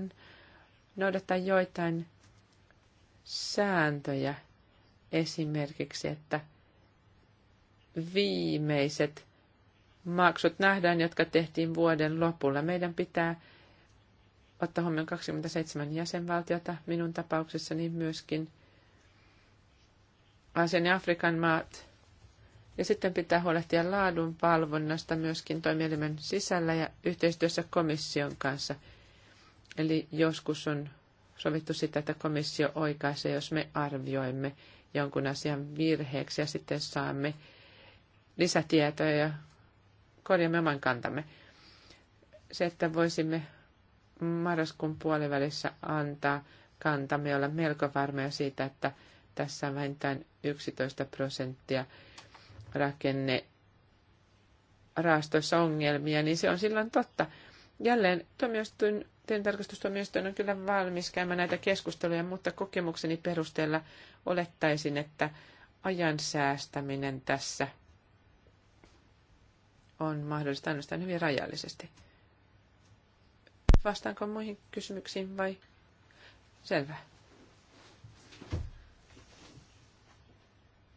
noudattaa joitain sääntöjä esimerkiksi, että viimeiset maksut nähdään, jotka tehtiin vuoden lopulla. Meidän pitää ottaa huomioon 27 jäsenvaltiota, minun tapauksessani myöskin Aasian ja Afrikan maat. Ja sitten pitää huolehtia laadun valvonnasta myöskin toimielimen sisällä ja yhteistyössä komission kanssa. Eli joskus on sovittu sitä, että komissio oikaisee, jos me arvioimme jonkun asian virheeksi ja sitten saamme lisätietoja ja korjaamme oman kantamme. Se, että voisimme marraskuun puolivälissä antaa kantamme olla melko varmoja siitä, että tässä on vähintään 11 prosenttia rakenne raastoissa ongelmia, niin se on silloin totta. Jälleen tuomioistuin, tarkastustuomioistuin on kyllä valmis käymään näitä keskusteluja, mutta kokemukseni perusteella olettaisin, että ajan säästäminen tässä on mahdollista ainoastaan hyvin rajallisesti. Vastaanko muihin kysymyksiin vai? Selvä.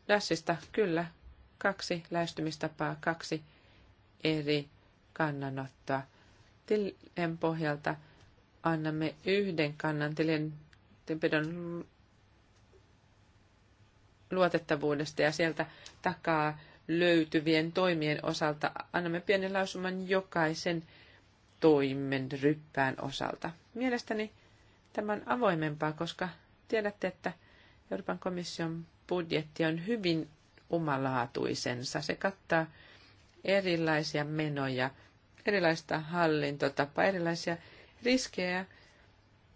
Lässistä kyllä. Kaksi lähestymistapaa, kaksi eri kannanottoa tilien pohjalta annamme yhden kannan tilien tilinpidon luotettavuudesta ja sieltä takaa löytyvien toimien osalta annamme pienen lausuman jokaisen toimen ryppään osalta. Mielestäni tämä on avoimempaa, koska tiedätte, että Euroopan komission budjetti on hyvin omalaatuisensa. Se kattaa erilaisia menoja – erilaista hallintotapaa, erilaisia riskejä.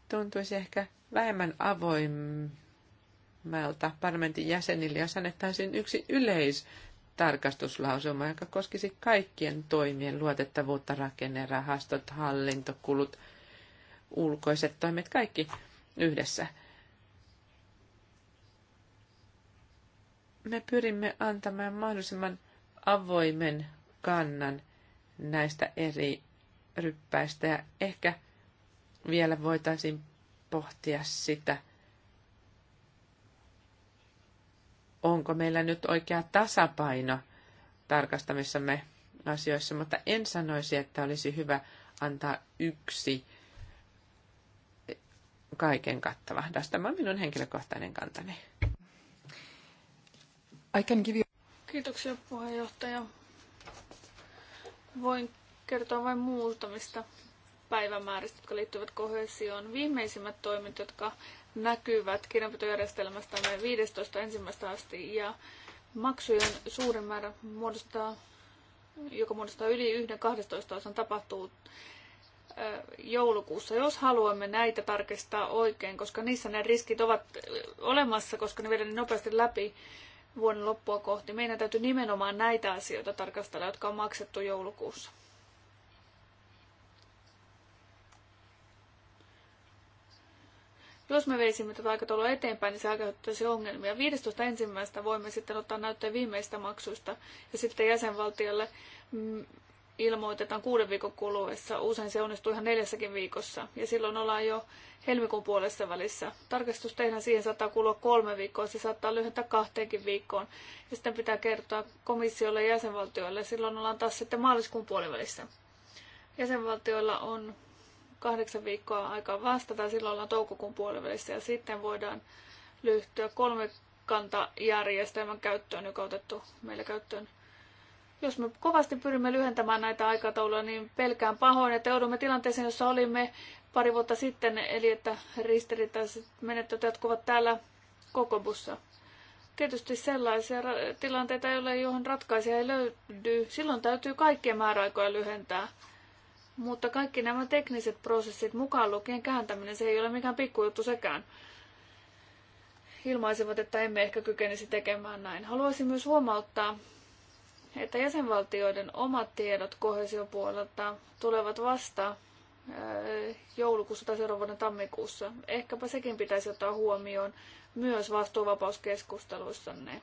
Tuntuisi ehkä vähemmän avoimelta parlamentin jäsenille, jos annettaisiin yksi yleistarkastuslausuma, joka koskisi kaikkien toimien luotettavuutta, rahastot hallintokulut, ulkoiset toimet, kaikki yhdessä. Me pyrimme antamaan mahdollisimman avoimen kannan näistä eri ryppäistä ja ehkä vielä voitaisiin pohtia sitä, onko meillä nyt oikea tasapaino tarkastamissamme asioissa, mutta en sanoisi, että olisi hyvä antaa yksi kaiken kattava. Tämä on minun henkilökohtainen kantani. I can give you... Kiitoksia puheenjohtaja. Voin kertoa vain muutamista päivämääristä, jotka liittyvät kohesioon. Viimeisimmät toimet, jotka näkyvät 15. ensimmäistä asti ja maksujen suurin määrä muodostaa, joka muodostaa yli yhden 12 osan tapahtuu joulukuussa, jos haluamme näitä tarkistaa oikein, koska niissä ne riskit ovat olemassa, koska ne vedän niin nopeasti läpi, vuoden loppua kohti. Meidän täytyy nimenomaan näitä asioita tarkastella, jotka on maksettu joulukuussa. Jos me veisimme tätä aikataulua eteenpäin, niin se aiheuttaisi ongelmia. 15.1. voimme sitten ottaa näytteen viimeistä maksuista ja sitten jäsenvaltiolle mm, ilmoitetaan kuuden viikon kuluessa. Usein se onnistuu ihan neljässäkin viikossa ja silloin ollaan jo helmikuun puolessa välissä. Tarkastus tehdään siihen saattaa kulua kolme viikkoa, se saattaa lyhentää kahteenkin viikkoon. Ja sitten pitää kertoa komissiolle ja jäsenvaltioille, silloin ollaan taas sitten maaliskuun puolivälissä. Jäsenvaltioilla on kahdeksan viikkoa aikaa vastata, silloin ollaan toukokuun puolivälissä ja sitten voidaan lyhtyä kantajärjestelmän käyttöön, joka on otettu meillä käyttöön jos me kovasti pyrimme lyhentämään näitä aikatauluja, niin pelkään pahoin, että joudumme tilanteeseen, jossa olimme pari vuotta sitten, eli että ristiriitaiset menettelyt jatkuvat täällä kokobussa. Tietysti sellaisia tilanteita, joille johon ratkaisija ei löydy, silloin täytyy kaikkien määräaikoja lyhentää. Mutta kaikki nämä tekniset prosessit, mukaan lukien kääntäminen, se ei ole mikään pikkujuttu sekään ilmaisivat, että emme ehkä kykenisi tekemään näin. Haluaisin myös huomauttaa, että jäsenvaltioiden omat tiedot kohesiopuolelta tulevat vasta äh, joulukuussa tai seuraavan vuoden tammikuussa. Ehkäpä sekin pitäisi ottaa huomioon myös vastuuvapauskeskusteluissanne.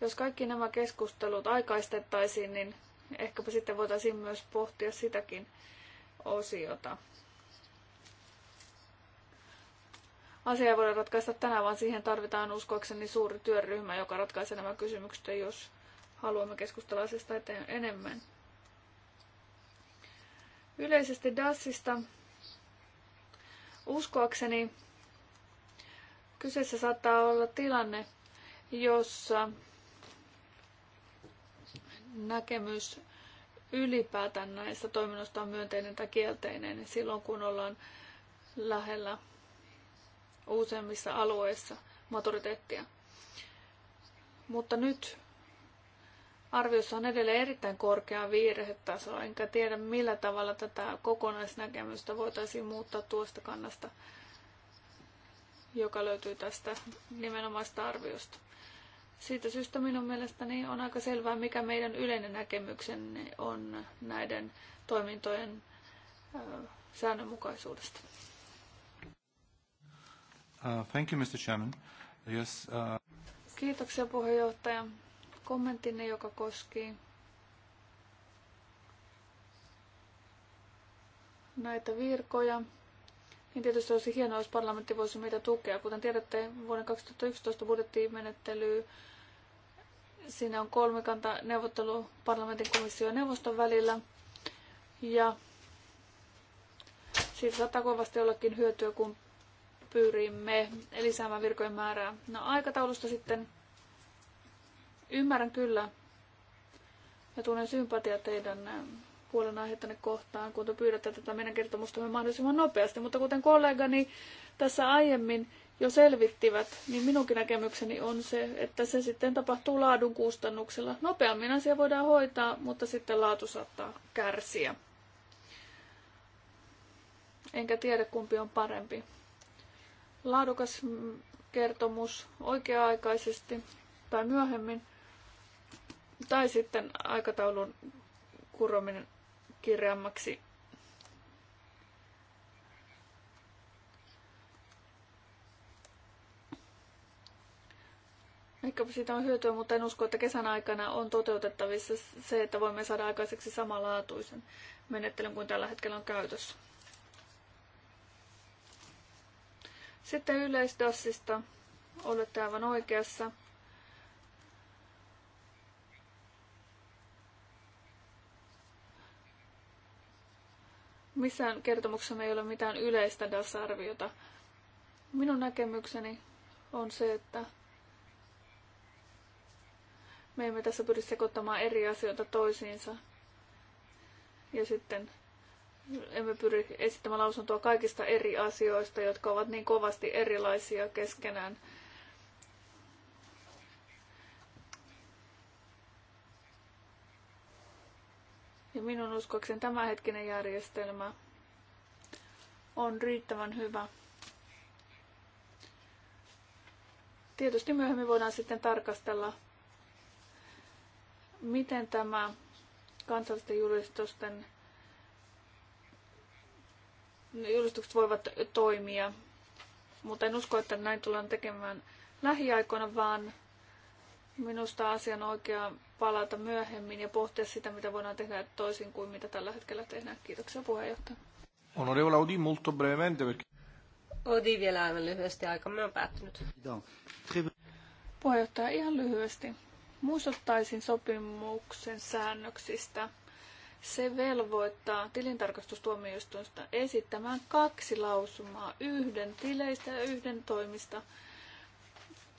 Jos kaikki nämä keskustelut aikaistettaisiin, niin ehkäpä sitten voitaisiin myös pohtia sitäkin osiota. Asia ei voida ratkaista tänään, vaan siihen tarvitaan uskoakseni suuri työryhmä, joka ratkaisee nämä kysymykset, jos haluamme keskustella asiasta eteen enemmän. Yleisesti DASista uskoakseni kyseessä saattaa olla tilanne, jossa näkemys ylipäätään näistä toiminnoista on myönteinen tai kielteinen silloin, kun ollaan lähellä useimmissa alueissa maturiteettia. Mutta nyt arviossa on edelleen erittäin korkea viirehetaso, enkä tiedä millä tavalla tätä kokonaisnäkemystä voitaisiin muuttaa tuosta kannasta, joka löytyy tästä nimenomaista arviosta. Siitä syystä minun mielestäni on aika selvää, mikä meidän yleinen näkemyksenne on näiden toimintojen säännönmukaisuudesta. Uh, thank you, Mr. Chairman. Yes, uh... Kiitoksia puheenjohtaja kommenttinne, joka koski näitä virkoja. Niin tietysti olisi hienoa, jos parlamentti voisi meitä tukea. Kuten tiedätte, vuoden 2011 menettely, Siinä on kolmikanta neuvottelu parlamentin komission ja neuvoston välillä. Ja siitä saattaa kovasti ollakin hyötyä, kun pyrimme lisäämään virkojen määrää. No aikataulusta sitten Ymmärrän kyllä ja tunnen sympatia teidän eh, puolen aiheuttanne kohtaan, kun te pyydätte tätä meidän kertomustamme mahdollisimman nopeasti. Mutta kuten kollegani tässä aiemmin jo selvittivät, niin minunkin näkemykseni on se, että se sitten tapahtuu laadun kustannuksella. Nopeammin asia voidaan hoitaa, mutta sitten laatu saattaa kärsiä. Enkä tiedä, kumpi on parempi. Laadukas mm, kertomus oikea-aikaisesti tai myöhemmin – tai sitten aikataulun kurominen kirjaammaksi. Ehkä siitä on hyötyä, mutta en usko, että kesän aikana on toteutettavissa se, että voimme saada aikaiseksi samanlaatuisen menettelyn kuin tällä hetkellä on käytössä. Sitten yleisdossista olette aivan oikeassa. Missään kertomuksessa ei ole mitään yleistä DAS-arviota. Minun näkemykseni on se, että me emme tässä pyri sekoittamaan eri asioita toisiinsa. Ja sitten emme pyri esittämään lausuntoa kaikista eri asioista, jotka ovat niin kovasti erilaisia keskenään – Ja minun uskoakseni tämänhetkinen järjestelmä on riittävän hyvä. Tietysti myöhemmin voidaan sitten tarkastella, miten tämä kansallisten julistusten julistukset voivat toimia. Mutta en usko, että näin tullaan tekemään lähiaikoina, vaan minusta asian oikea palata myöhemmin ja pohtia sitä, mitä voidaan tehdä toisin kuin mitä tällä hetkellä tehdään. Kiitoksia puheenjohtaja. Onorevole Audi, molto brevemente. Perché... Odi vielä aivan lyhyesti, aikamme on päättynyt. Puheenjohtaja, ihan lyhyesti. Muistuttaisin sopimuksen säännöksistä. Se velvoittaa tilintarkastustuomioistuista esittämään kaksi lausumaa, yhden tileistä ja yhden toimista –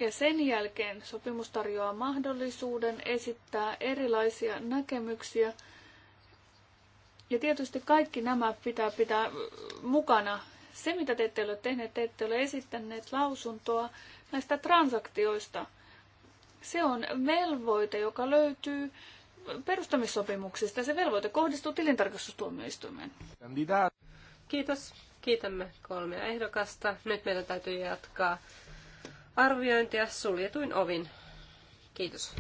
ja sen jälkeen sopimus tarjoaa mahdollisuuden esittää erilaisia näkemyksiä. Ja tietysti kaikki nämä pitää pitää mukana. Se, mitä te ette ole tehneet, te ette ole esittäneet lausuntoa näistä transaktioista. Se on velvoite, joka löytyy perustamissopimuksista. Se velvoite kohdistuu tilintarkastustuomioistuimeen. Kiitos. Kiitämme kolmea ehdokasta. Nyt meidän täytyy jatkaa arviointia suljetuin ovin. Kiitos.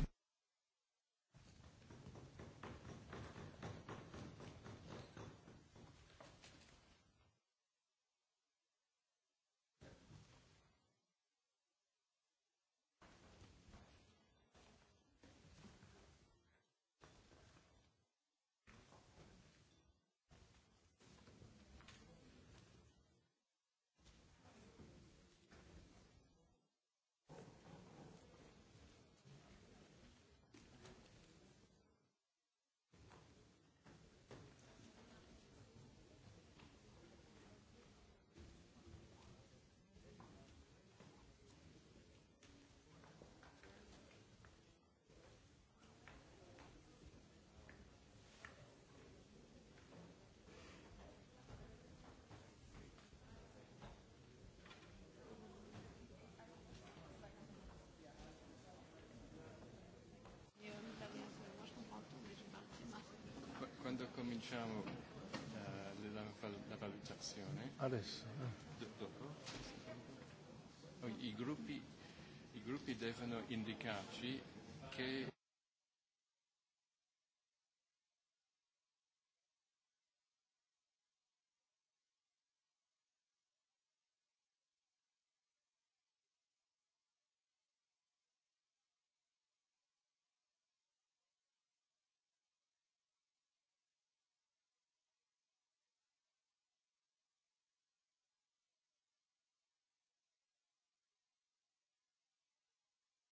cominciamo eh, la, la valutazione. Adesso. Eh. dopo. No, I gruppi, I gruppi devono indicarci che